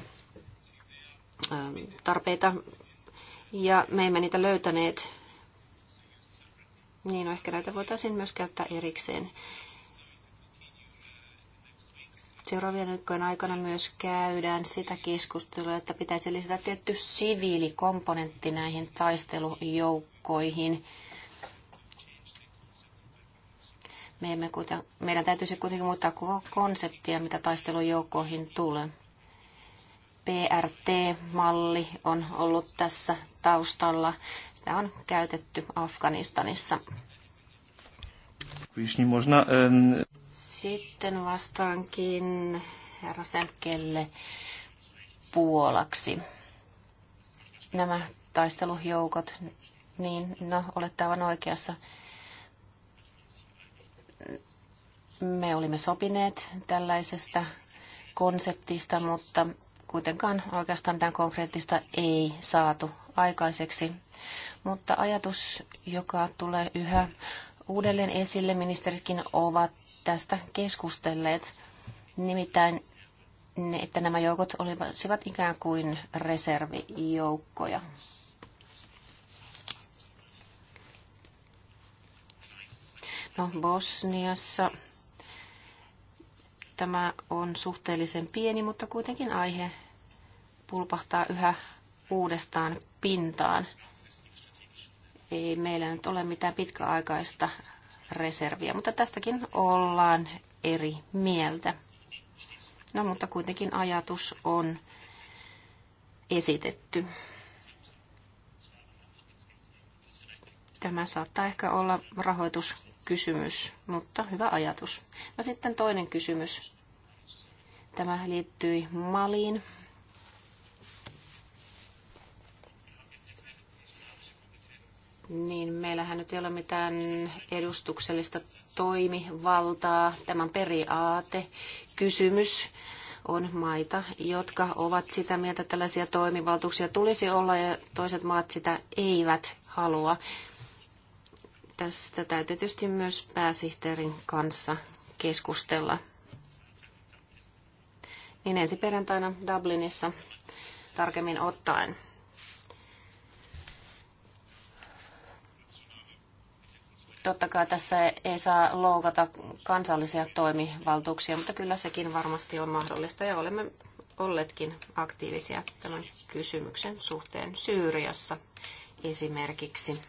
ähm, tarpeita ja me emme niitä löytäneet. Niin no, ehkä näitä voitaisiin myös käyttää erikseen. Seuraavien viikkojen aikana myös käydään sitä keskustelua, että pitäisi lisätä tietty siviilikomponentti näihin taistelujoukkoihin Me emme kuten, meidän täytyisi kuitenkin muuttaa koko konseptia, mitä taistelujoukkoihin tulee. PRT-malli on ollut tässä taustalla. Sitä on käytetty Afganistanissa. Sitten vastaankin herra Selkelle puolaksi. Nämä taistelujoukot, niin no, olette aivan oikeassa me olimme sopineet tällaisesta konseptista, mutta kuitenkaan oikeastaan mitään konkreettista ei saatu aikaiseksi. Mutta ajatus, joka tulee yhä uudelleen esille, ministeritkin ovat tästä keskustelleet, nimittäin että nämä joukot olisivat ikään kuin reservijoukkoja. No, Bosniassa tämä on suhteellisen pieni, mutta kuitenkin aihe pulpahtaa yhä uudestaan pintaan. Ei meillä nyt ole mitään pitkäaikaista reserviä, mutta tästäkin ollaan eri mieltä. No, mutta kuitenkin ajatus on esitetty. Tämä saattaa ehkä olla rahoitus kysymys, mutta hyvä ajatus. No sitten toinen kysymys. Tämä liittyi Maliin. Niin meillähän nyt ei ole mitään edustuksellista toimivaltaa. Tämän periaate, kysymys on maita, jotka ovat sitä mieltä, että tällaisia toimivaltuuksia tulisi olla ja toiset maat sitä eivät halua tästä täytyy tietysti myös pääsihteerin kanssa keskustella. Niin ensi perjantaina Dublinissa tarkemmin ottaen. Totta kai tässä ei saa loukata kansallisia toimivaltuuksia, mutta kyllä sekin varmasti on mahdollista ja olemme olleetkin aktiivisia tämän kysymyksen suhteen Syyriassa esimerkiksi.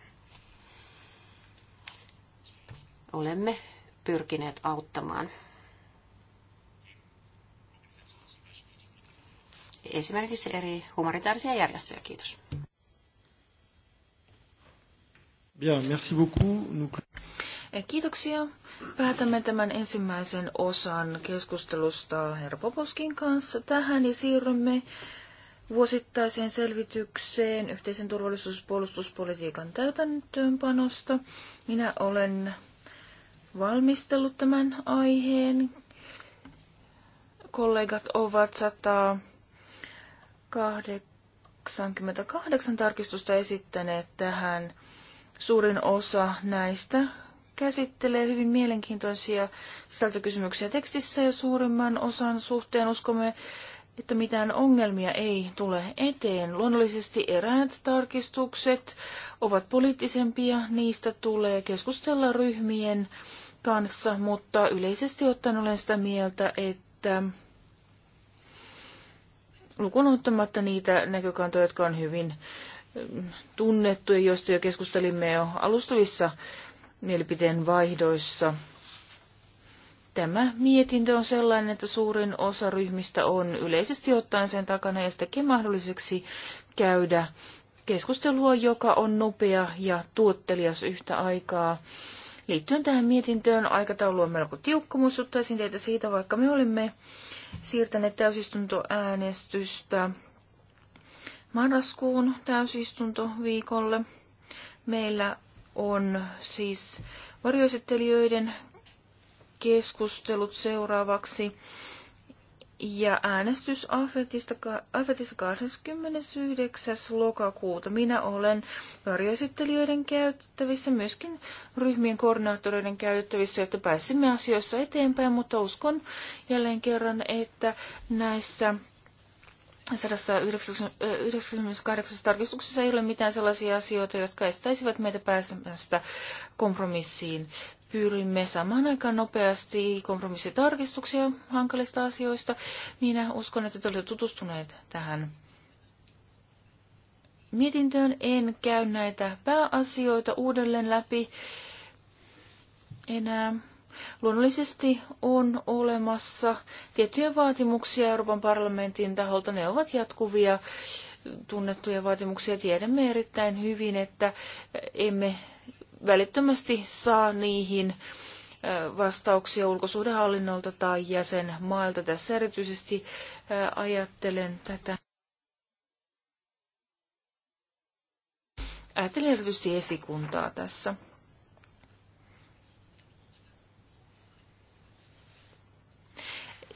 olemme pyrkineet auttamaan. Esimerkiksi eri humanitaarisia järjestöjä. Kiitos. Bien, merci beaucoup. Kiitoksia. Päätämme tämän ensimmäisen osan keskustelusta herra Poposkin kanssa tähän ja siirrymme vuosittaiseen selvitykseen yhteisen turvallisuus- ja puolustuspolitiikan täytäntöönpanosta. Minä olen valmistellut tämän aiheen. Kollegat ovat 188 tarkistusta esittäneet tähän. Suurin osa näistä käsittelee hyvin mielenkiintoisia sisältökysymyksiä tekstissä ja suurimman osan suhteen uskomme, että mitään ongelmia ei tule eteen. Luonnollisesti eräät tarkistukset ovat poliittisempia, niistä tulee keskustella ryhmien kanssa, mutta yleisesti ottaen olen sitä mieltä, että lukuun ottamatta niitä näkökantoja, jotka on hyvin mm, tunnettuja, joista jo keskustelimme jo alustavissa mielipiteen vaihdoissa. Tämä mietintö on sellainen, että suurin osa ryhmistä on yleisesti ottaen sen takana ja se tekee mahdolliseksi käydä keskustelua, joka on nopea ja tuottelias yhtä aikaa Liittyen tähän mietintöön aikataulu on melko tiukka. Muistuttaisin teitä siitä, vaikka me olemme siirtäneet täysistuntoäänestystä marraskuun täysistuntoviikolle. Meillä on siis varjoesittelijöiden keskustelut seuraavaksi ja äänestys Afetista, Afetissa 29. lokakuuta. Minä olen varjoesittelijöiden käytettävissä, myöskin ryhmien koordinaattoreiden käytettävissä, jotta pääsimme asioissa eteenpäin, mutta uskon jälleen kerran, että näissä 198 tarkistuksessa ei ole mitään sellaisia asioita, jotka estäisivät meitä pääsemästä kompromissiin pyrimme samaan aikaan nopeasti kompromissitarkistuksia hankalista asioista. Minä uskon, että te olette tutustuneet tähän mietintöön. En käy näitä pääasioita uudelleen läpi enää. Luonnollisesti on olemassa tiettyjä vaatimuksia Euroopan parlamentin taholta. Ne ovat jatkuvia tunnettuja vaatimuksia. Tiedämme erittäin hyvin, että emme välittömästi saa niihin vastauksia ulkosuhdehallinnolta tai jäsenmailta. Tässä erityisesti ajattelen tätä. Ajattelen erityisesti esikuntaa tässä.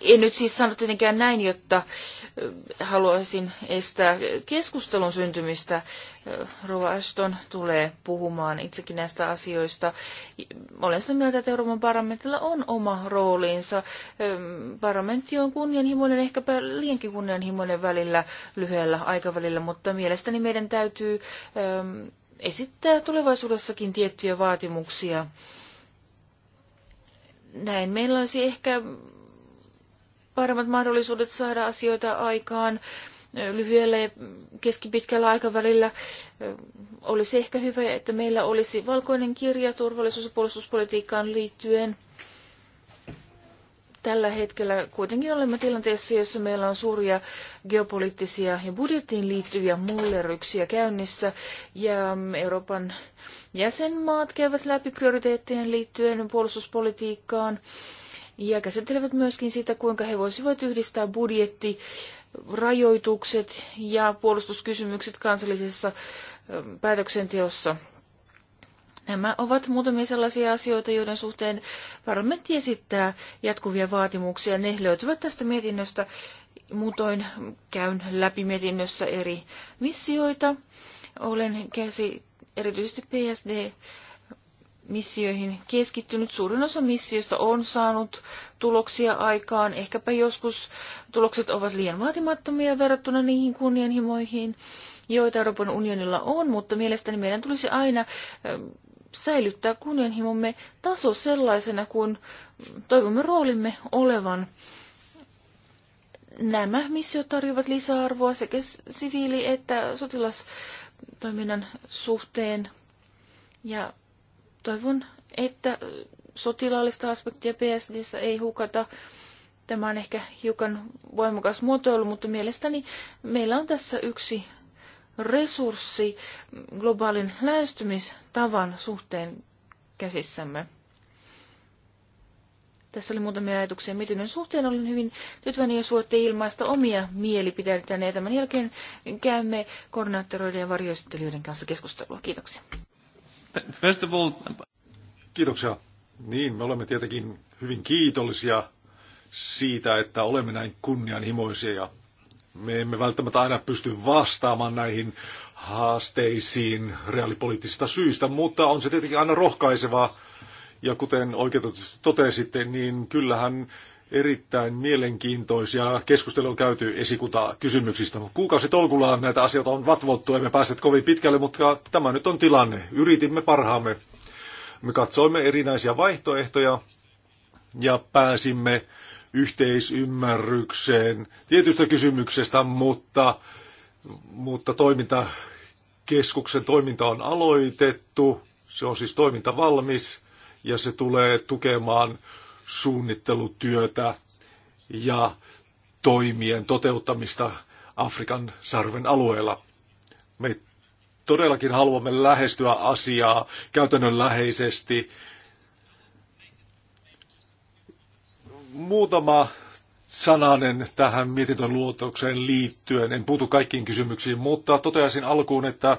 en nyt siis sano tietenkään näin, jotta haluaisin estää keskustelun syntymistä. Rova Ashton tulee puhumaan itsekin näistä asioista. Olen sitä mieltä, että Euroopan parlamentilla on oma rooliinsa. Parlamentti on kunnianhimoinen, ehkäpä liiankin kunnianhimoinen välillä lyhyellä aikavälillä, mutta mielestäni meidän täytyy esittää tulevaisuudessakin tiettyjä vaatimuksia. Näin meillä olisi ehkä paremmat mahdollisuudet saada asioita aikaan lyhyellä ja keskipitkällä aikavälillä. Olisi ehkä hyvä, että meillä olisi valkoinen kirja turvallisuus- ja puolustuspolitiikkaan liittyen. Tällä hetkellä kuitenkin olemme tilanteessa, jossa meillä on suuria geopoliittisia ja budjettiin liittyviä mullerryksiä käynnissä, ja Euroopan jäsenmaat käyvät läpi prioriteettien liittyen puolustuspolitiikkaan ja käsittelevät myöskin sitä, kuinka he voisivat yhdistää budjetti, rajoitukset ja puolustuskysymykset kansallisessa ähm, päätöksenteossa. Nämä ovat muutamia sellaisia asioita, joiden suhteen parlamentti esittää jatkuvia vaatimuksia. Ne löytyvät tästä mietinnöstä. Muutoin käyn läpi mietinnössä eri missioita. Olen käsi erityisesti PSD missioihin keskittynyt. Suurin osa missioista on saanut tuloksia aikaan. Ehkäpä joskus tulokset ovat liian vaatimattomia verrattuna niihin kunnianhimoihin, joita Euroopan unionilla on, mutta mielestäni meidän tulisi aina ähm, säilyttää kunnianhimomme taso sellaisena kuin toivomme roolimme olevan. Nämä missiot tarjoavat lisäarvoa sekä siviili- että sotilastoiminnan suhteen ja Toivon, että sotilaallista aspektia PSDssä ei hukata. Tämä on ehkä hiukan voimakas muotoilu, mutta mielestäni meillä on tässä yksi resurssi globaalin lähestymistavan suhteen käsissämme. Tässä oli muutamia ajatuksia mietinnön suhteen. Olen hyvin tyytyväinen, jos voitte ilmaista omia mielipiteitä. Ja tämän jälkeen käymme koordinaattoreiden ja varjoesittelijöiden kanssa keskustelua. Kiitoksia. First of all... Kiitoksia. Niin, me olemme tietenkin hyvin kiitollisia siitä, että olemme näin kunnianhimoisia ja me emme välttämättä aina pysty vastaamaan näihin haasteisiin reaalipoliittisista syistä, mutta on se tietenkin aina rohkaisevaa. Ja kuten oikeutetusti totesitte, niin kyllähän erittäin mielenkiintoisia keskustelua käyty esikuntakysymyksistä, kysymyksistä. Kuukausi tolkulla näitä asioita on vatvottu, emme päässeet kovin pitkälle, mutta tämä nyt on tilanne. Yritimme parhaamme. Me katsoimme erinäisiä vaihtoehtoja ja pääsimme yhteisymmärrykseen tietystä kysymyksestä, mutta, mutta toiminta, keskuksen toiminta on aloitettu. Se on siis toiminta valmis ja se tulee tukemaan suunnittelutyötä ja toimien toteuttamista Afrikan sarven alueella. Me todellakin haluamme lähestyä asiaa käytännönläheisesti. Muutama sananen tähän mietintön luotokseen liittyen. En puutu kaikkiin kysymyksiin, mutta toteaisin alkuun, että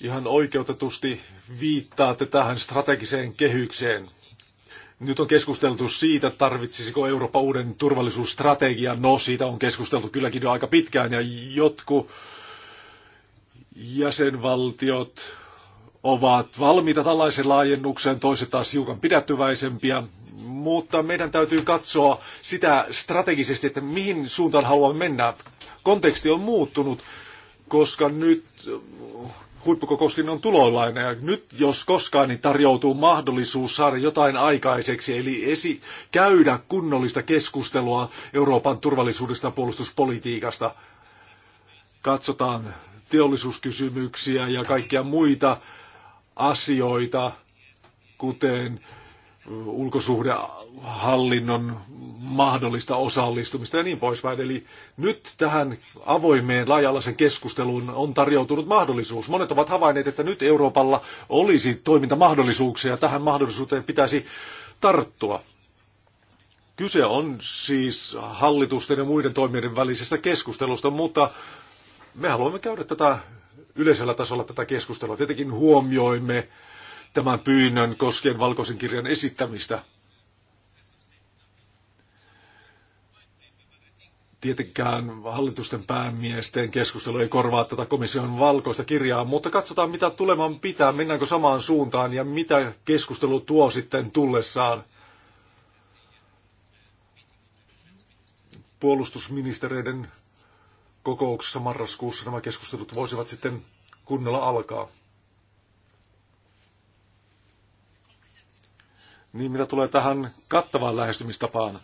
ihan oikeutetusti viittaatte tähän strategiseen kehykseen. Nyt on keskusteltu siitä, tarvitsisiko Eurooppa uuden turvallisuusstrategian. No, siitä on keskusteltu kylläkin jo aika pitkään ja jotkut jäsenvaltiot ovat valmiita tällaisen laajennukseen, toiset taas hiukan pidättyväisempiä, mutta meidän täytyy katsoa sitä strategisesti, että mihin suuntaan haluamme mennä. Konteksti on muuttunut, koska nyt huippukokouskin on tuloillainen. ja nyt jos koskaan niin tarjoutuu mahdollisuus saada jotain aikaiseksi, eli esi- käydä kunnollista keskustelua Euroopan turvallisuudesta ja puolustuspolitiikasta. Katsotaan teollisuuskysymyksiä ja kaikkia muita asioita, kuten ulkosuhdehallinnon mahdollista osallistumista ja niin poispäin. Eli nyt tähän avoimeen laajalaisen keskusteluun on tarjoutunut mahdollisuus. Monet ovat havainneet, että nyt Euroopalla olisi toimintamahdollisuuksia ja tähän mahdollisuuteen pitäisi tarttua. Kyse on siis hallitusten ja muiden toimijoiden välisestä keskustelusta, mutta me haluamme käydä tätä yleisellä tasolla tätä keskustelua. Tietenkin huomioimme äh, tämän pyynnön koskien valkoisen kirjan esittämistä. Tietenkään hallitusten päämiesten keskustelu ei korvaa tätä komission valkoista kirjaa, mutta katsotaan mitä tuleman pitää, mennäänkö samaan suuntaan ja mitä keskustelu tuo sitten tullessaan. Puolustusministereiden kokouksessa marraskuussa nämä keskustelut voisivat sitten kunnolla alkaa. Niin mitä tulee tähän kattavaan lähestymistapaan,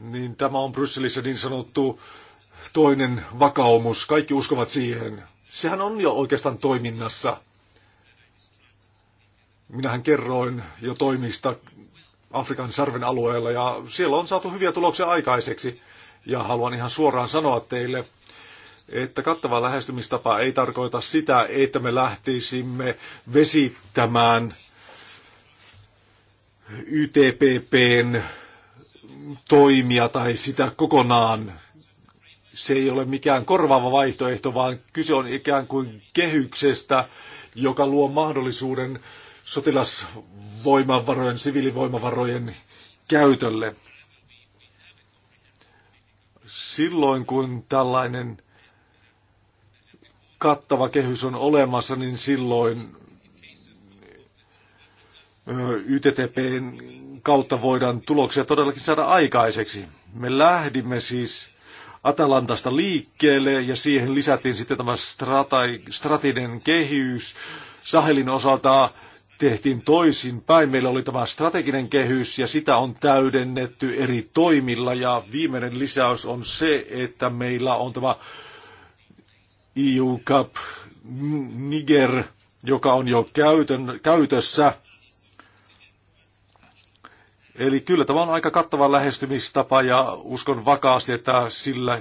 niin tämä on Brysselissä niin sanottu toinen vakaumus. Kaikki uskovat siihen. Sehän on jo oikeastaan toiminnassa. Minähän kerroin jo toimista Afrikan sarven alueella ja siellä on saatu hyviä tuloksia aikaiseksi. Ja haluan ihan suoraan sanoa teille, että kattava lähestymistapa ei tarkoita sitä, että me lähtisimme vesittämään YTPPn toimia tai sitä kokonaan. Se ei ole mikään korvaava vaihtoehto, vaan kyse on ikään kuin kehyksestä, joka luo mahdollisuuden sotilasvoimavarojen, siviilivoimavarojen käytölle. Silloin kun tällainen kattava kehys on olemassa, niin silloin YTTPn kautta voidaan tuloksia todellakin saada aikaiseksi. Me lähdimme siis Atalantasta liikkeelle ja siihen lisättiin sitten tämä strateginen kehys. Sahelin osalta tehtiin toisin päin. Meillä oli tämä strateginen kehys ja sitä on täydennetty eri toimilla ja viimeinen lisäys on se, että meillä on tämä EU Cup Niger, joka on jo käytön, käytössä – Eli kyllä tämä on aika kattava lähestymistapa ja uskon vakaasti, että sillä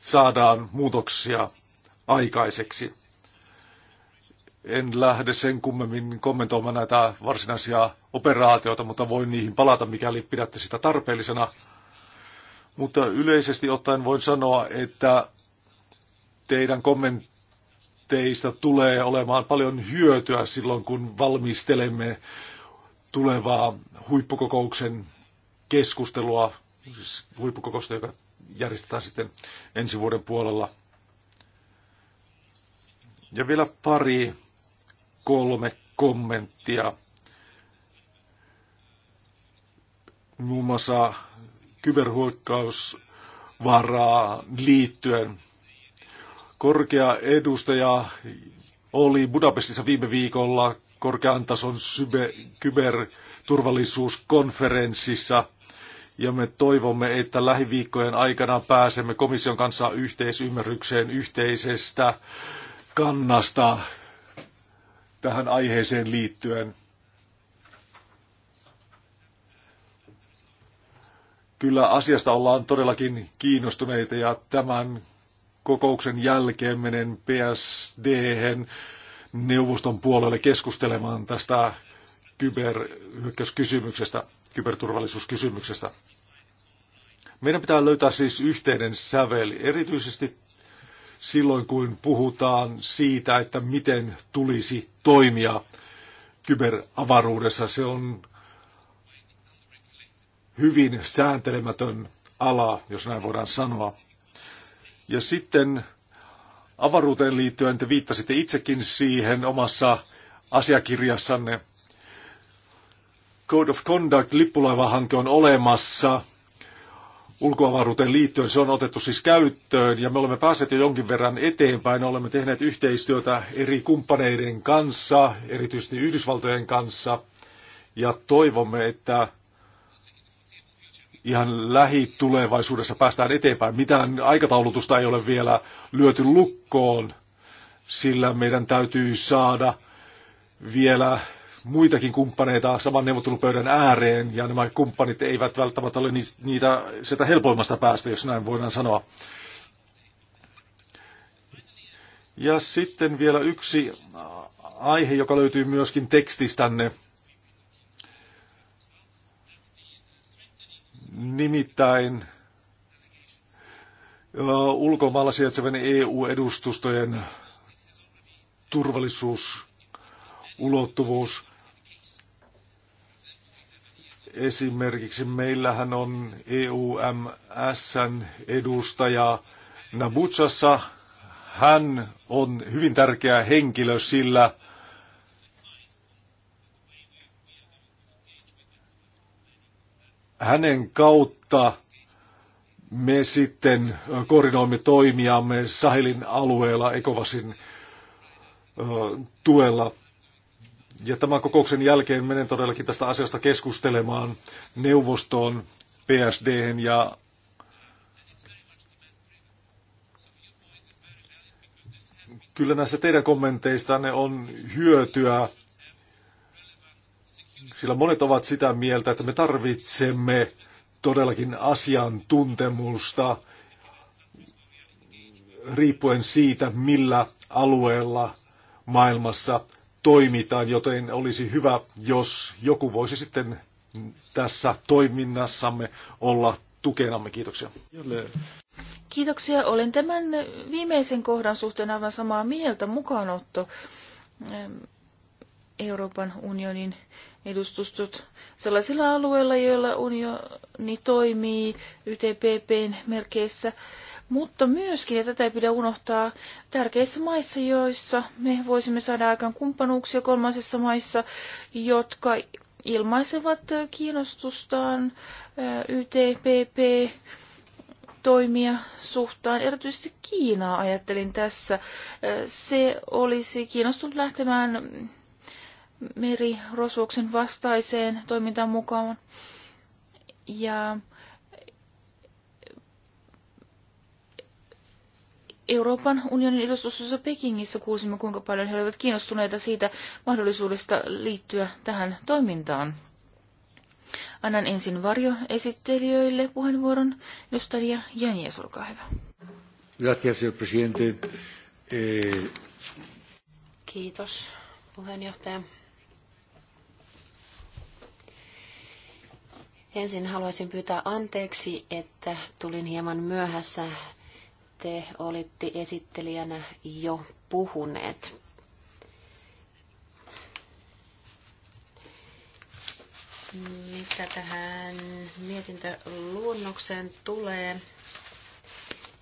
saadaan muutoksia aikaiseksi. En lähde sen kummemmin kommentoimaan näitä varsinaisia operaatioita, mutta voin niihin palata, mikäli pidätte sitä tarpeellisena. Mutta yleisesti ottaen voin sanoa, että teidän kommentteista tulee olemaan paljon hyötyä silloin, kun valmistelemme tulevaa huippukokouksen keskustelua, siis huippukokousta, joka järjestetään sitten ensi vuoden puolella. Ja vielä pari, kolme kommenttia. Muun muassa kyberhuokkausvaraa liittyen. Korkea edustaja oli Budapestissa viime viikolla korkean tason kyberturvallisuuskonferenssissa. Ja me toivomme, että lähiviikkojen aikana pääsemme komission kanssa yhteisymmärrykseen yhteisestä kannasta tähän aiheeseen liittyen. Kyllä asiasta ollaan todellakin kiinnostuneita ja tämän kokouksen jälkeen menen psd -hen neuvoston puolelle keskustelemaan tästä kyberhyökkäyskysymyksestä, kyberturvallisuuskysymyksestä. Meidän pitää löytää siis yhteinen säveli. erityisesti silloin kun puhutaan siitä, että miten tulisi toimia kyberavaruudessa. Se on hyvin sääntelemätön ala, jos näin voidaan sanoa. Ja sitten avaruuteen liittyen te viittasitte itsekin siihen omassa asiakirjassanne. Code of Conduct lippulaivahanke on olemassa ulkoavaruuteen liittyen. Se on otettu siis käyttöön ja me olemme päässeet jo jonkin verran eteenpäin. Olemme tehneet yhteistyötä eri kumppaneiden kanssa, erityisesti Yhdysvaltojen kanssa. Ja toivomme, että ihan lähitulevaisuudessa päästään eteenpäin. Mitään aikataulutusta ei ole vielä lyöty lukkoon, sillä meidän täytyy saada vielä muitakin kumppaneita saman neuvottelupöydän ääreen, ja nämä kumppanit eivät välttämättä ole niitä sitä helpoimmasta päästä, jos näin voidaan sanoa. Ja sitten vielä yksi aihe, joka löytyy myöskin tekstistänne. Nimittäin ulkomailla sijaitsevien EU-edustustojen turvallisuusulottuvuus. Esimerkiksi meillähän on EUMSn edustaja Nabuchassa. Hän on hyvin tärkeä henkilö, sillä – hänen kautta me sitten koordinoimme toimiamme Sahelin alueella Ekovasin tuella. Ja tämän kokouksen jälkeen menen todellakin tästä asiasta keskustelemaan neuvostoon, psd ja kyllä näistä teidän ne on hyötyä sillä monet ovat sitä mieltä, että me tarvitsemme todellakin asiantuntemusta riippuen siitä, millä alueella maailmassa toimitaan, joten olisi hyvä, jos joku voisi sitten tässä toiminnassamme olla tukenamme. Kiitoksia. Kiitoksia. Olen tämän viimeisen kohdan suhteen aivan samaa mieltä. Mukaanotto ehm, Euroopan unionin edustustot sellaisilla alueilla, joilla unioni toimii YTPPn merkeissä, mutta myöskin, ja tätä ei pidä unohtaa, tärkeissä maissa, joissa me voisimme saada aikaan kumppanuuksia kolmansissa maissa, jotka ilmaisevat kiinnostustaan eh, YTPP toimia suhtaan, erityisesti Kiinaa ajattelin tässä. Eh, se olisi kiinnostunut lähtemään Rosvoksen vastaiseen toimintaan mukaan. Ja Euroopan unionin edustustossa Pekingissä kuusimme, kuinka paljon he olivat kiinnostuneita siitä mahdollisuudesta liittyä tähän toimintaan. Annan ensin varjoesittelijöille puheenvuoron. Edustaja Jänies, olkaa hyvä. Gracias, señor presidente. Eh, Kiitos, puheenjohtaja. Ensin haluaisin pyytää anteeksi, että tulin hieman myöhässä. Te olitte esittelijänä jo puhuneet. Mitä tähän mietintöluonnokseen tulee,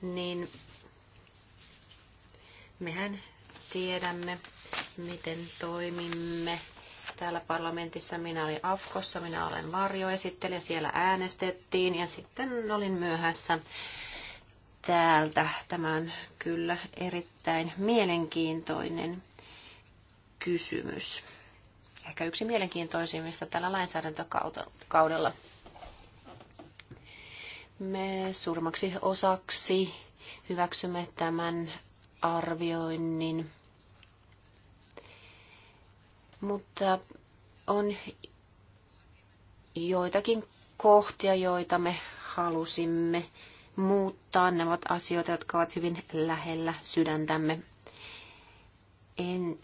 niin mehän tiedämme, miten toimimme täällä parlamentissa. Minä olin Afkossa, minä olen varjoesittelijä, siellä äänestettiin ja sitten olin myöhässä täältä. Tämä on kyllä erittäin mielenkiintoinen kysymys. Ehkä yksi mielenkiintoisimmista tällä lainsäädäntökaudella. Me surmaksi osaksi hyväksymme tämän arvioinnin mutta on joitakin kohtia, joita me halusimme muuttaa. Ne ovat asioita, jotka ovat hyvin lähellä sydäntämme. En,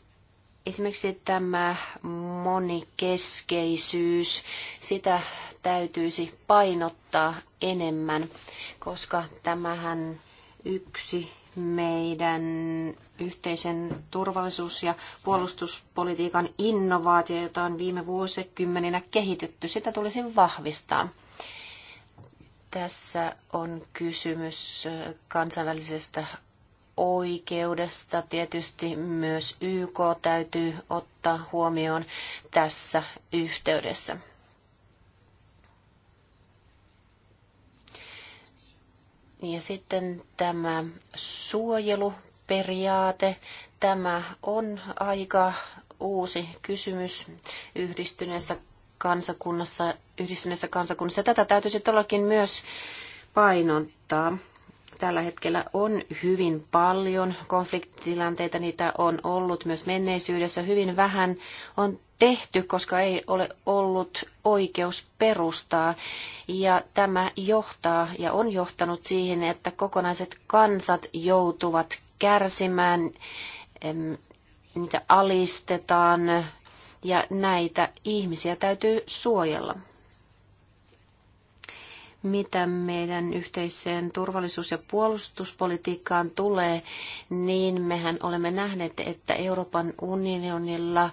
esimerkiksi tämä monikeskeisyys, sitä täytyisi painottaa enemmän, koska tämähän yksi meidän yhteisen turvallisuus- ja puolustuspolitiikan innovaatio, jota on viime vuosikymmeninä kehitetty, sitä tulisi vahvistaa. Tässä on kysymys äh, kansainvälisestä oikeudesta. Tietysti myös YK täytyy ottaa huomioon tässä yhteydessä. Ja sitten tämä suojeluperiaate, tämä on aika uusi kysymys yhdistyneessä kansakunnassa, yhdistyneessä kansakunnassa. Tätä täytyisi todellakin myös painottaa. Tällä hetkellä on hyvin paljon konfliktitilanteita, niitä on ollut myös menneisyydessä. Hyvin vähän on tehty, koska ei ole ollut oikeus perustaa. Ja tämä johtaa ja on johtanut siihen, että kokonaiset kansat joutuvat kärsimään, niitä alistetaan ja näitä ihmisiä täytyy suojella mitä meidän yhteiseen turvallisuus- ja puolustuspolitiikkaan tulee, niin mehän olemme nähneet, että Euroopan unionilla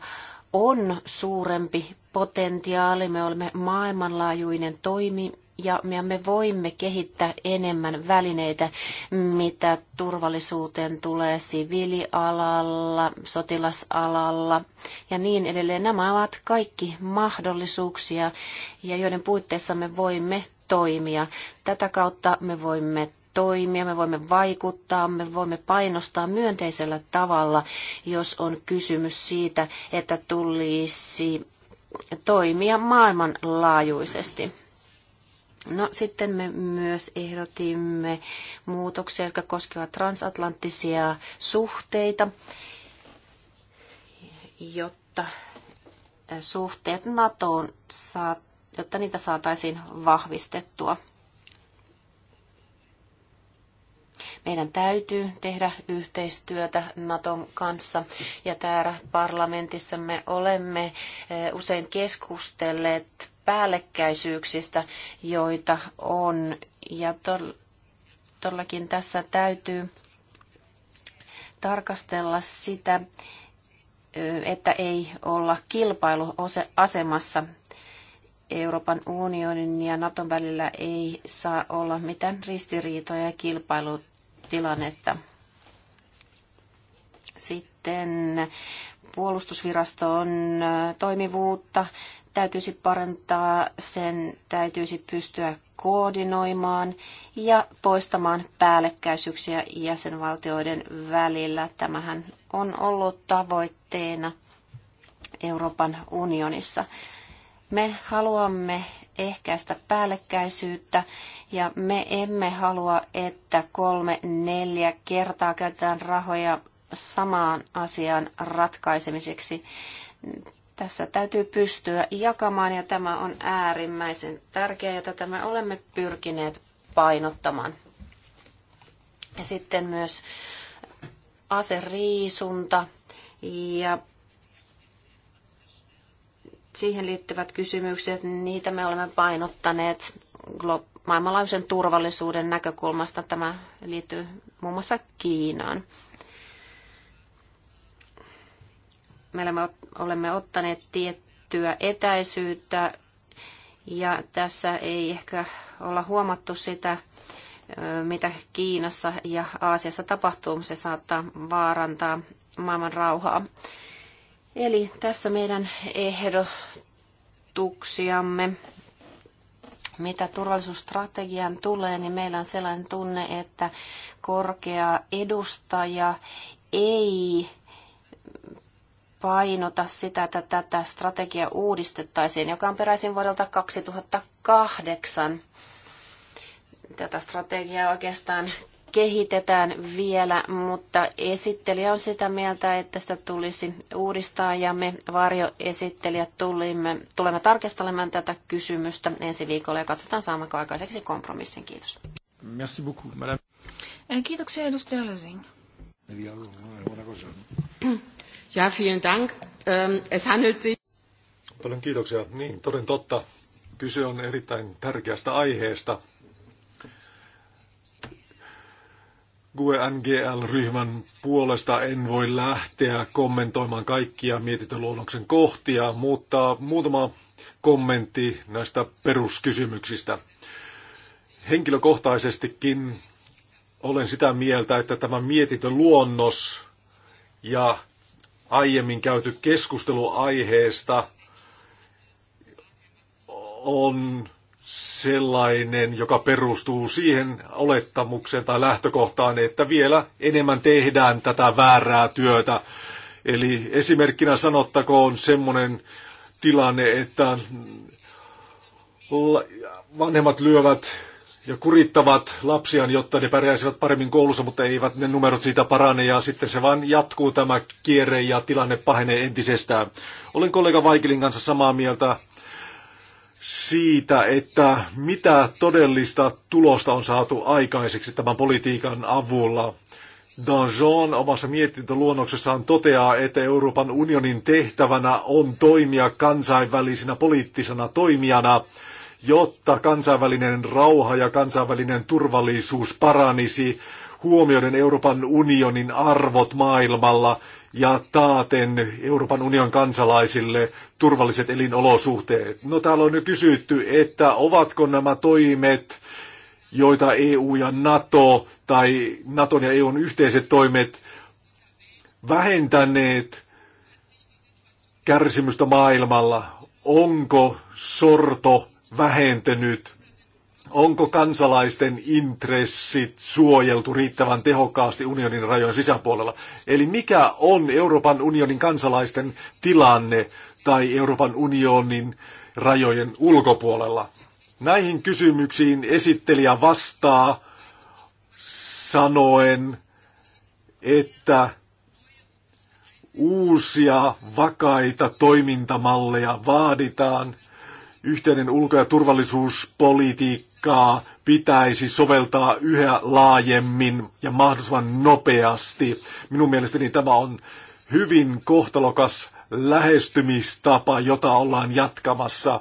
on suurempi potentiaali. Me olemme maailmanlaajuinen toimi ja me voimme kehittää enemmän välineitä, mitä turvallisuuteen tulee siviilialalla, sotilasalalla ja niin edelleen. Nämä ovat kaikki mahdollisuuksia, ja joiden puitteissa me voimme toimia. Tätä kautta me voimme toimia, me voimme vaikuttaa, me voimme painostaa myönteisellä tavalla, jos on kysymys siitä, että tulisi toimia maailmanlaajuisesti. No sitten me myös ehdotimme muutoksia, jotka koskevat transatlanttisia suhteita, jotta suhteet NATOon saattavat jotta niitä saataisiin vahvistettua. Meidän täytyy tehdä yhteistyötä Naton kanssa ja täällä parlamentissa me olemme eh, usein keskustelleet päällekkäisyyksistä, joita on. Ja todellakin tässä täytyy tarkastella sitä, eh, että ei olla kilpailuasemassa Euroopan unionin ja Naton välillä ei saa olla mitään ristiriitoja ja kilpailutilannetta. Sitten puolustusviraston äh, toimivuutta täytyisi parantaa, sen täytyisi pystyä koordinoimaan ja poistamaan päällekkäisyyksiä jäsenvaltioiden välillä. Tämähän on ollut tavoitteena Euroopan unionissa. Me haluamme ehkäistä päällekkäisyyttä ja me emme halua, että kolme, neljä kertaa käytetään rahoja samaan asian ratkaisemiseksi. Tässä täytyy pystyä jakamaan ja tämä on äärimmäisen tärkeää, jota tämä olemme pyrkineet painottamaan. Ja sitten myös aseriisunta ja siihen liittyvät kysymykset, niitä me olemme painottaneet maailmanlaajuisen turvallisuuden näkökulmasta. Tämä liittyy muun muassa Kiinaan. Me olemme ottaneet tiettyä etäisyyttä ja tässä ei ehkä olla huomattu sitä, mitä Kiinassa ja Aasiassa tapahtuu. Se saattaa vaarantaa maailman rauhaa. Eli tässä meidän ehdotuksiamme. Mitä turvallisuusstrategian tulee, niin meillä on sellainen tunne, että korkea edustaja ei painota sitä, että tätä strategiaa uudistettaisiin, joka on peräisin vuodelta 2008. Tätä strategiaa oikeastaan kehitetään vielä, mutta esittelijä on sitä mieltä, että sitä tulisi uudistaa ja me varjoesittelijät tulimme, tulemme tarkastelemaan tätä kysymystä ensi viikolla ja katsotaan saammeko aikaiseksi kompromissin. Kiitos. Merci beaucoup, madame. Äh, kiitoksia edustaja Lösing. Ja, vielen dank. Ähm, es handelt sich... Paljon kiitoksia. Niin, toden totta. Kyse on erittäin tärkeästä aiheesta. GUE-NGL-ryhmän puolesta en voi lähteä kommentoimaan kaikkia mietintöluonnoksen kohtia, mutta muutama kommentti näistä peruskysymyksistä. Henkilökohtaisestikin olen sitä mieltä, että tämä mietintöluonnos ja aiemmin käyty keskustelu aiheesta on sellainen, joka perustuu siihen olettamukseen tai lähtökohtaan, että vielä enemmän tehdään tätä väärää työtä. Eli esimerkkinä sanottakoon semmoinen tilanne, että vanhemmat lyövät ja kurittavat lapsiaan, jotta ne pärjäisivät paremmin koulussa, mutta eivät ne numerot siitä parane ja sitten se vaan jatkuu tämä kierre ja tilanne pahenee entisestään. Olen kollega Vaikilin kanssa samaa mieltä siitä, että mitä todellista tulosta on saatu aikaiseksi tämän politiikan avulla. Danjon omassa mietintöluonnoksessaan toteaa, että Euroopan unionin tehtävänä on toimia kansainvälisenä poliittisena toimijana, jotta kansainvälinen rauha ja kansainvälinen turvallisuus paranisi huomioiden Euroopan unionin arvot maailmalla ja taaten Euroopan union kansalaisille turvalliset elinolosuhteet. No täällä on jo kysytty, että ovatko nämä toimet, joita EU ja NATO tai NATOn ja EUn yhteiset toimet vähentäneet kärsimystä maailmalla, onko sorto vähentynyt Onko kansalaisten intressit suojeltu riittävän tehokkaasti unionin rajojen sisäpuolella? Eli mikä on Euroopan unionin kansalaisten tilanne tai Euroopan unionin rajojen ulkopuolella? Näihin kysymyksiin esittelijä vastaa sanoen, että uusia vakaita toimintamalleja vaaditaan. Yhteinen ulko- ja turvallisuuspolitiikka politiikkaa pitäisi soveltaa yhä laajemmin ja mahdollisimman nopeasti. Minun mielestäni tämä on hyvin kohtalokas lähestymistapa, jota ollaan jatkamassa.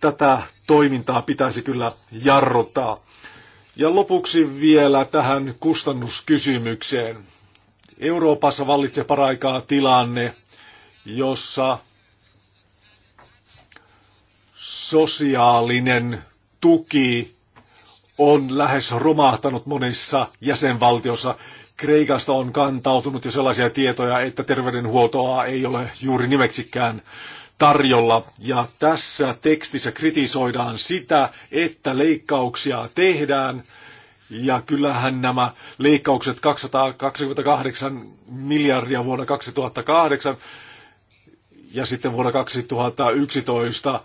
Tätä toimintaa pitäisi kyllä jarruttaa. Ja lopuksi vielä tähän kustannuskysymykseen. Euroopassa vallitsee paraikaa tilanne, jossa sosiaalinen tuki on lähes romahtanut monissa jäsenvaltiossa. Kreikasta on kantautunut jo sellaisia tietoja, että terveydenhuoltoa ei ole juuri nimeksikään tarjolla. Ja tässä tekstissä kritisoidaan sitä, että leikkauksia tehdään. Ja kyllähän nämä leikkaukset 228 miljardia vuonna 2008 ja sitten vuonna 2011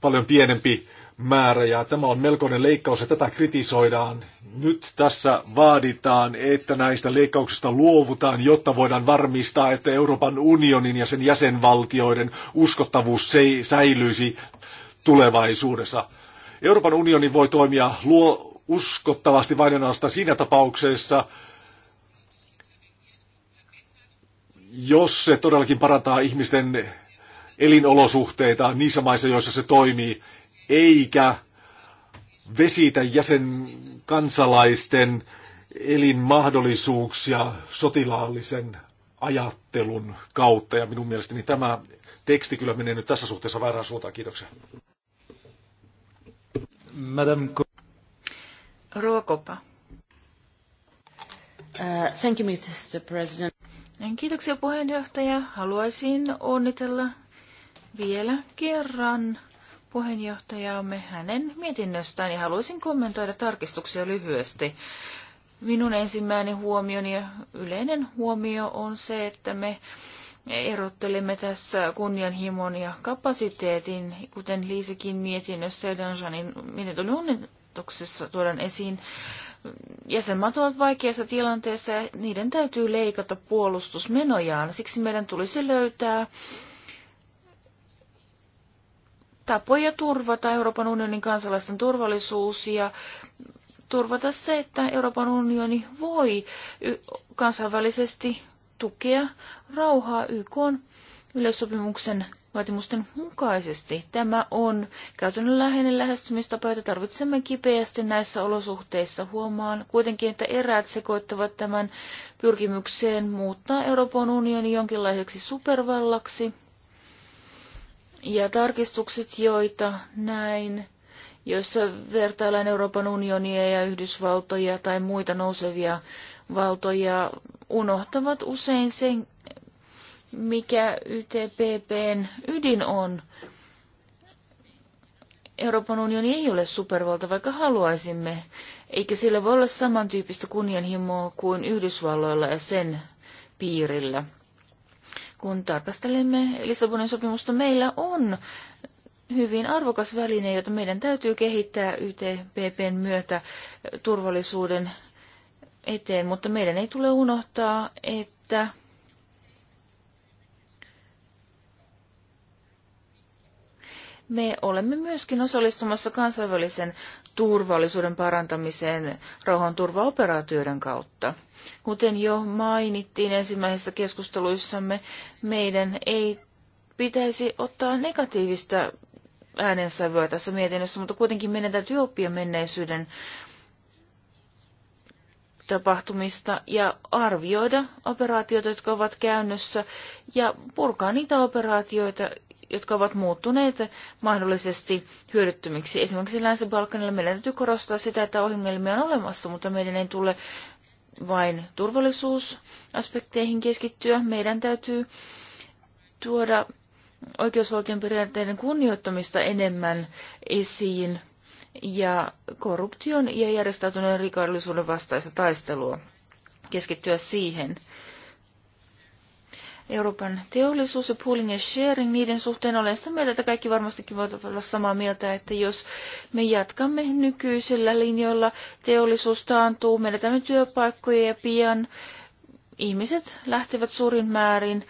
paljon pienempi määrä ja tämä on melkoinen leikkaus ja tätä kritisoidaan. Nyt tässä vaaditaan, että näistä leikkauksista luovutaan, jotta voidaan varmistaa, että Euroopan unionin ja sen jäsenvaltioiden uskottavuus se säilyisi tulevaisuudessa. Euroopan unioni voi toimia luo uskottavasti vain ainoastaan siinä tapauksessa, jos se todellakin parantaa ihmisten elinolosuhteita niissä maissa, joissa se toimii, eikä vesitä jäsen kansalaisten elinmahdollisuuksia sotilaallisen ajattelun kautta. Ja minun mielestäni tämä teksti kyllä menee nyt tässä suhteessa väärään suuntaan. Kiitoksia. Madame... Ruokopa. Uh, thank you, Mr. President. Kiitoksia puheenjohtaja. Haluaisin onnitella vielä kerran puheenjohtajamme hänen mietinnöstään ja haluaisin kommentoida tarkistuksia lyhyesti. Minun ensimmäinen huomioni ja yleinen huomio on se, että me erottelemme tässä kunnianhimon ja kapasiteetin, kuten Liisikin mietinnössä ja Danjanin mietintön tuodaan esiin. Jäsenmaat ovat vaikeassa tilanteessa ja niiden täytyy leikata puolustusmenojaan. Siksi meidän tulisi löytää tapoja turvata Euroopan unionin kansalaisten turvallisuus ja turvata se, että Euroopan unioni voi kansainvälisesti tukea rauhaa YK yleissopimuksen vaatimusten mukaisesti. Tämä on käytännönläheinen lähestymistapa, jota tarvitsemme kipeästi näissä olosuhteissa. Huomaan kuitenkin, että eräät sekoittavat tämän pyrkimykseen muuttaa Euroopan unioni jonkinlaiseksi supervallaksi, ja tarkistukset, joita näin, joissa vertaillaan Euroopan unionia ja Yhdysvaltoja tai muita nousevia valtoja, unohtavat usein sen, mikä YTPPn ydin on. Euroopan unioni ei ole supervalta, vaikka haluaisimme, eikä sillä voi olla samantyyppistä kunnianhimoa kuin Yhdysvalloilla ja sen piirillä kun tarkastelemme Lissabonin sopimusta, meillä on hyvin arvokas väline, jota meidän täytyy kehittää YTPPn myötä turvallisuuden eteen, mutta meidän ei tule unohtaa, että Me olemme myöskin osallistumassa kansainvälisen turvallisuuden parantamiseen rauhanturvaoperaatioiden kautta. Kuten jo mainittiin ensimmäisissä keskusteluissamme, meidän ei pitäisi ottaa negatiivista äänensävyä tässä mietinnössä, mutta kuitenkin meidän täytyy oppia menneisyyden tapahtumista ja arvioida operaatioita, jotka ovat käynnössä ja purkaa niitä operaatioita, jotka ovat muuttuneet mahdollisesti hyödyttömiksi. Esimerkiksi Länsi-Balkanilla meidän täytyy korostaa sitä, että ohjelmia on olemassa, mutta meidän ei tule vain turvallisuusaspekteihin keskittyä. Meidän täytyy tuoda oikeusvaltion periaatteiden kunnioittamista enemmän esiin ja korruption ja järjestäytyneen rikollisuuden vastaista taistelua keskittyä siihen. Euroopan teollisuus ja pooling ja sharing, niiden suhteen olen sitä mieltä, että kaikki varmastikin voivat olla samaa mieltä, että jos me jatkamme nykyisillä linjoilla, teollisuus taantuu, menetämme työpaikkoja ja pian ihmiset lähtevät suurin määrin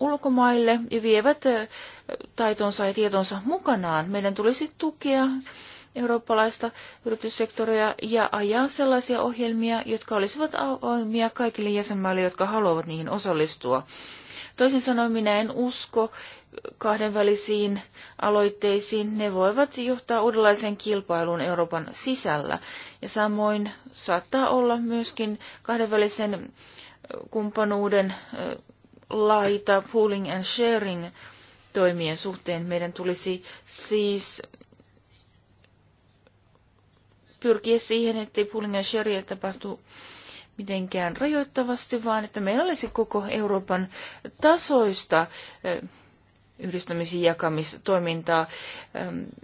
ulkomaille ja vievät taitonsa ja tietonsa mukanaan. Meidän tulisi tukea eurooppalaista yrityssektoria ja ajaa sellaisia ohjelmia, jotka olisivat avoimia kaikille jäsenmaille, jotka haluavat niihin osallistua. Toisin sanoen minä en usko kahdenvälisiin aloitteisiin. Ne voivat johtaa uudenlaiseen kilpailuun Euroopan sisällä. Ja samoin saattaa olla myöskin kahdenvälisen kumppanuuden laita pooling and sharing toimien suhteen. Meidän tulisi siis pyrkiä siihen, ettei pulina sharia tapahtu mitenkään rajoittavasti, vaan että meillä olisi koko Euroopan tasoista yhdistämisen jakamistoimintaa.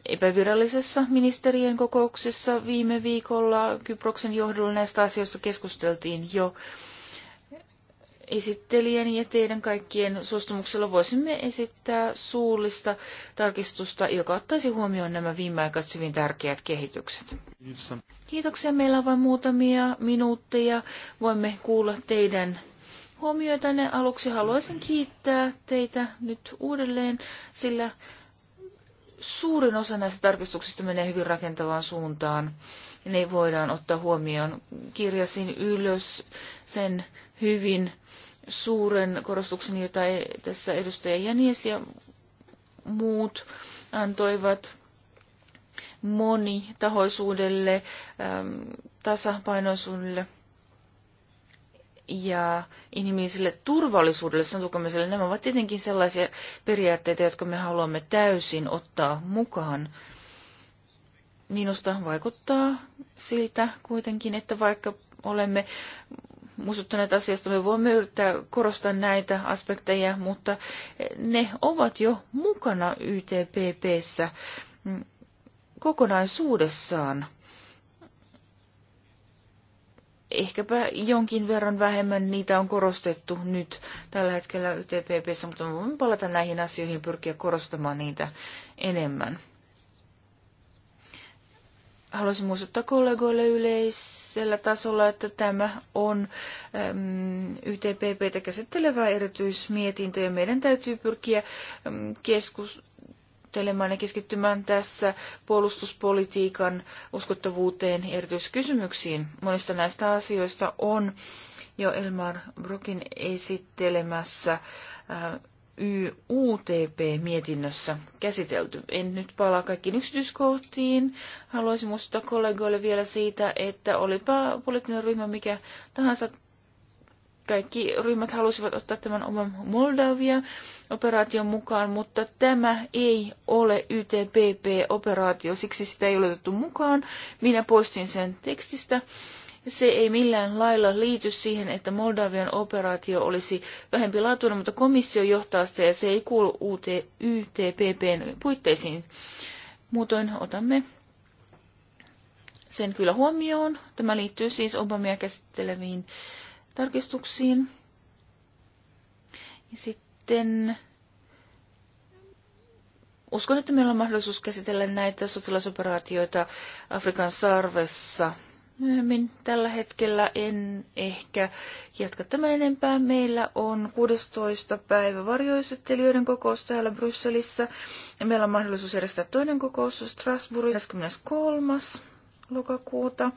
Epävirallisessa ministerien kokouksessa viime viikolla Kyproksen johdolla näistä asioista keskusteltiin jo esittelijän ja teidän kaikkien suostumuksella voisimme esittää suullista tarkistusta, joka ottaisi huomioon nämä viimeaikaiset hyvin tärkeät kehitykset. Kiitoksia. Meillä on vain muutamia minuutteja. Voimme kuulla teidän huomioitanne. Aluksi haluaisin kiittää teitä nyt uudelleen, sillä suurin osa näistä tarkistuksista menee hyvin rakentavaan suuntaan. Ne voidaan ottaa huomioon. Kirjasin ylös sen hyvin suuren korostuksen, jota e- tässä edustaja Jänis ja muut antoivat monitahoisuudelle, tasapainoisuudelle ja inhimilliselle turvallisuudelle, sanotukomiselle. Nämä ovat tietenkin sellaisia periaatteita, jotka me haluamme täysin ottaa mukaan. Minusta vaikuttaa siltä kuitenkin, että vaikka olemme muistuttaneet asiasta. Me voimme yrittää korostaa näitä aspekteja, mutta ne ovat jo mukana YTPPssä mm, kokonaisuudessaan. Ehkäpä jonkin verran vähemmän niitä on korostettu nyt tällä hetkellä YTPPssä, mutta me voimme palata näihin asioihin ja pyrkiä korostamaan niitä enemmän haluaisin muistuttaa kollegoille yleisellä tasolla, että tämä on äm, YTPPtä käsittelevä erityismietintö ja meidän täytyy pyrkiä äm, keskustelemaan ja keskittymään tässä puolustuspolitiikan uskottavuuteen ja erityiskysymyksiin. Monista näistä asioista on jo Elmar Brokin esittelemässä äh, YUTP-mietinnössä käsitelty. En nyt palaa kaikkiin yksityiskohtiin. Haluaisin muistuttaa kollegoille vielä siitä, että olipa poliittinen ryhmä mikä tahansa, kaikki ryhmät halusivat ottaa tämän oman Moldavia-operaation mukaan, mutta tämä ei ole YTPP-operaatio, siksi sitä ei ole otettu mukaan. Minä poistin sen tekstistä se ei millään lailla liity siihen, että Moldavian operaatio olisi vähempi laatuinen, mutta komissio johtaa sitä ja se ei kuulu UT, puitteisiin. Muutoin otamme sen kyllä huomioon. Tämä liittyy siis Obamia käsitteleviin tarkistuksiin. Ja sitten uskon, että meillä on mahdollisuus käsitellä näitä sotilasoperaatioita Afrikan sarvessa myöhemmin. Tällä hetkellä en ehkä jatka tämän enempää. Meillä on 16. päivä varjoisettelijoiden kokous täällä Brysselissä. Ja meillä on mahdollisuus järjestää toinen kokous Strasbourgissa 23. lokakuuta.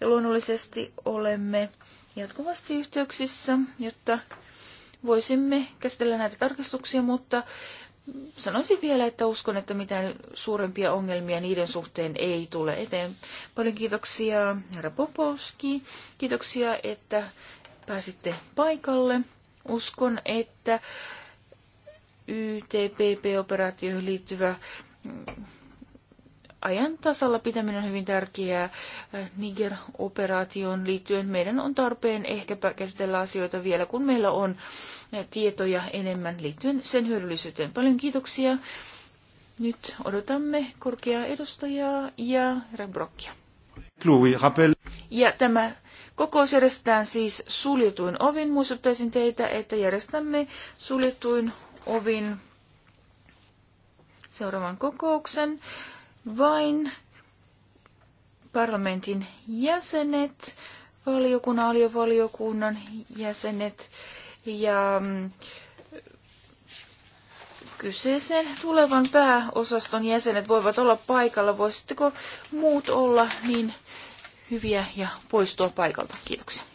Ja luonnollisesti olemme jatkuvasti yhteyksissä, jotta voisimme käsitellä näitä tarkistuksia, mutta sanoisin vielä, että uskon, että mitään suurempia ongelmia niiden suhteen ei tule eteen. Paljon kiitoksia, herra Popovski. Kiitoksia, että pääsitte paikalle. Uskon, että YTPP-operaatioihin liittyvä ajan tasalla pitäminen on hyvin tärkeää. Äh, Niger-operaatioon liittyen meidän on tarpeen ehkäpä käsitellä asioita vielä, kun meillä on äh, tietoja enemmän liittyen sen hyödyllisyyteen. Paljon kiitoksia. Nyt odotamme korkeaa edustajaa ja Rebrokkia. Ja tämä kokous järjestetään siis suljetuin ovin. Muistuttaisin teitä, että järjestämme suljetuin ovin seuraavan kokouksen vain parlamentin jäsenet, valiokunnan, aliovaliokunnan jäsenet ja mm, kyseisen tulevan pääosaston jäsenet voivat olla paikalla. Voisitteko muut olla niin hyviä ja poistua paikalta? Kiitoksia.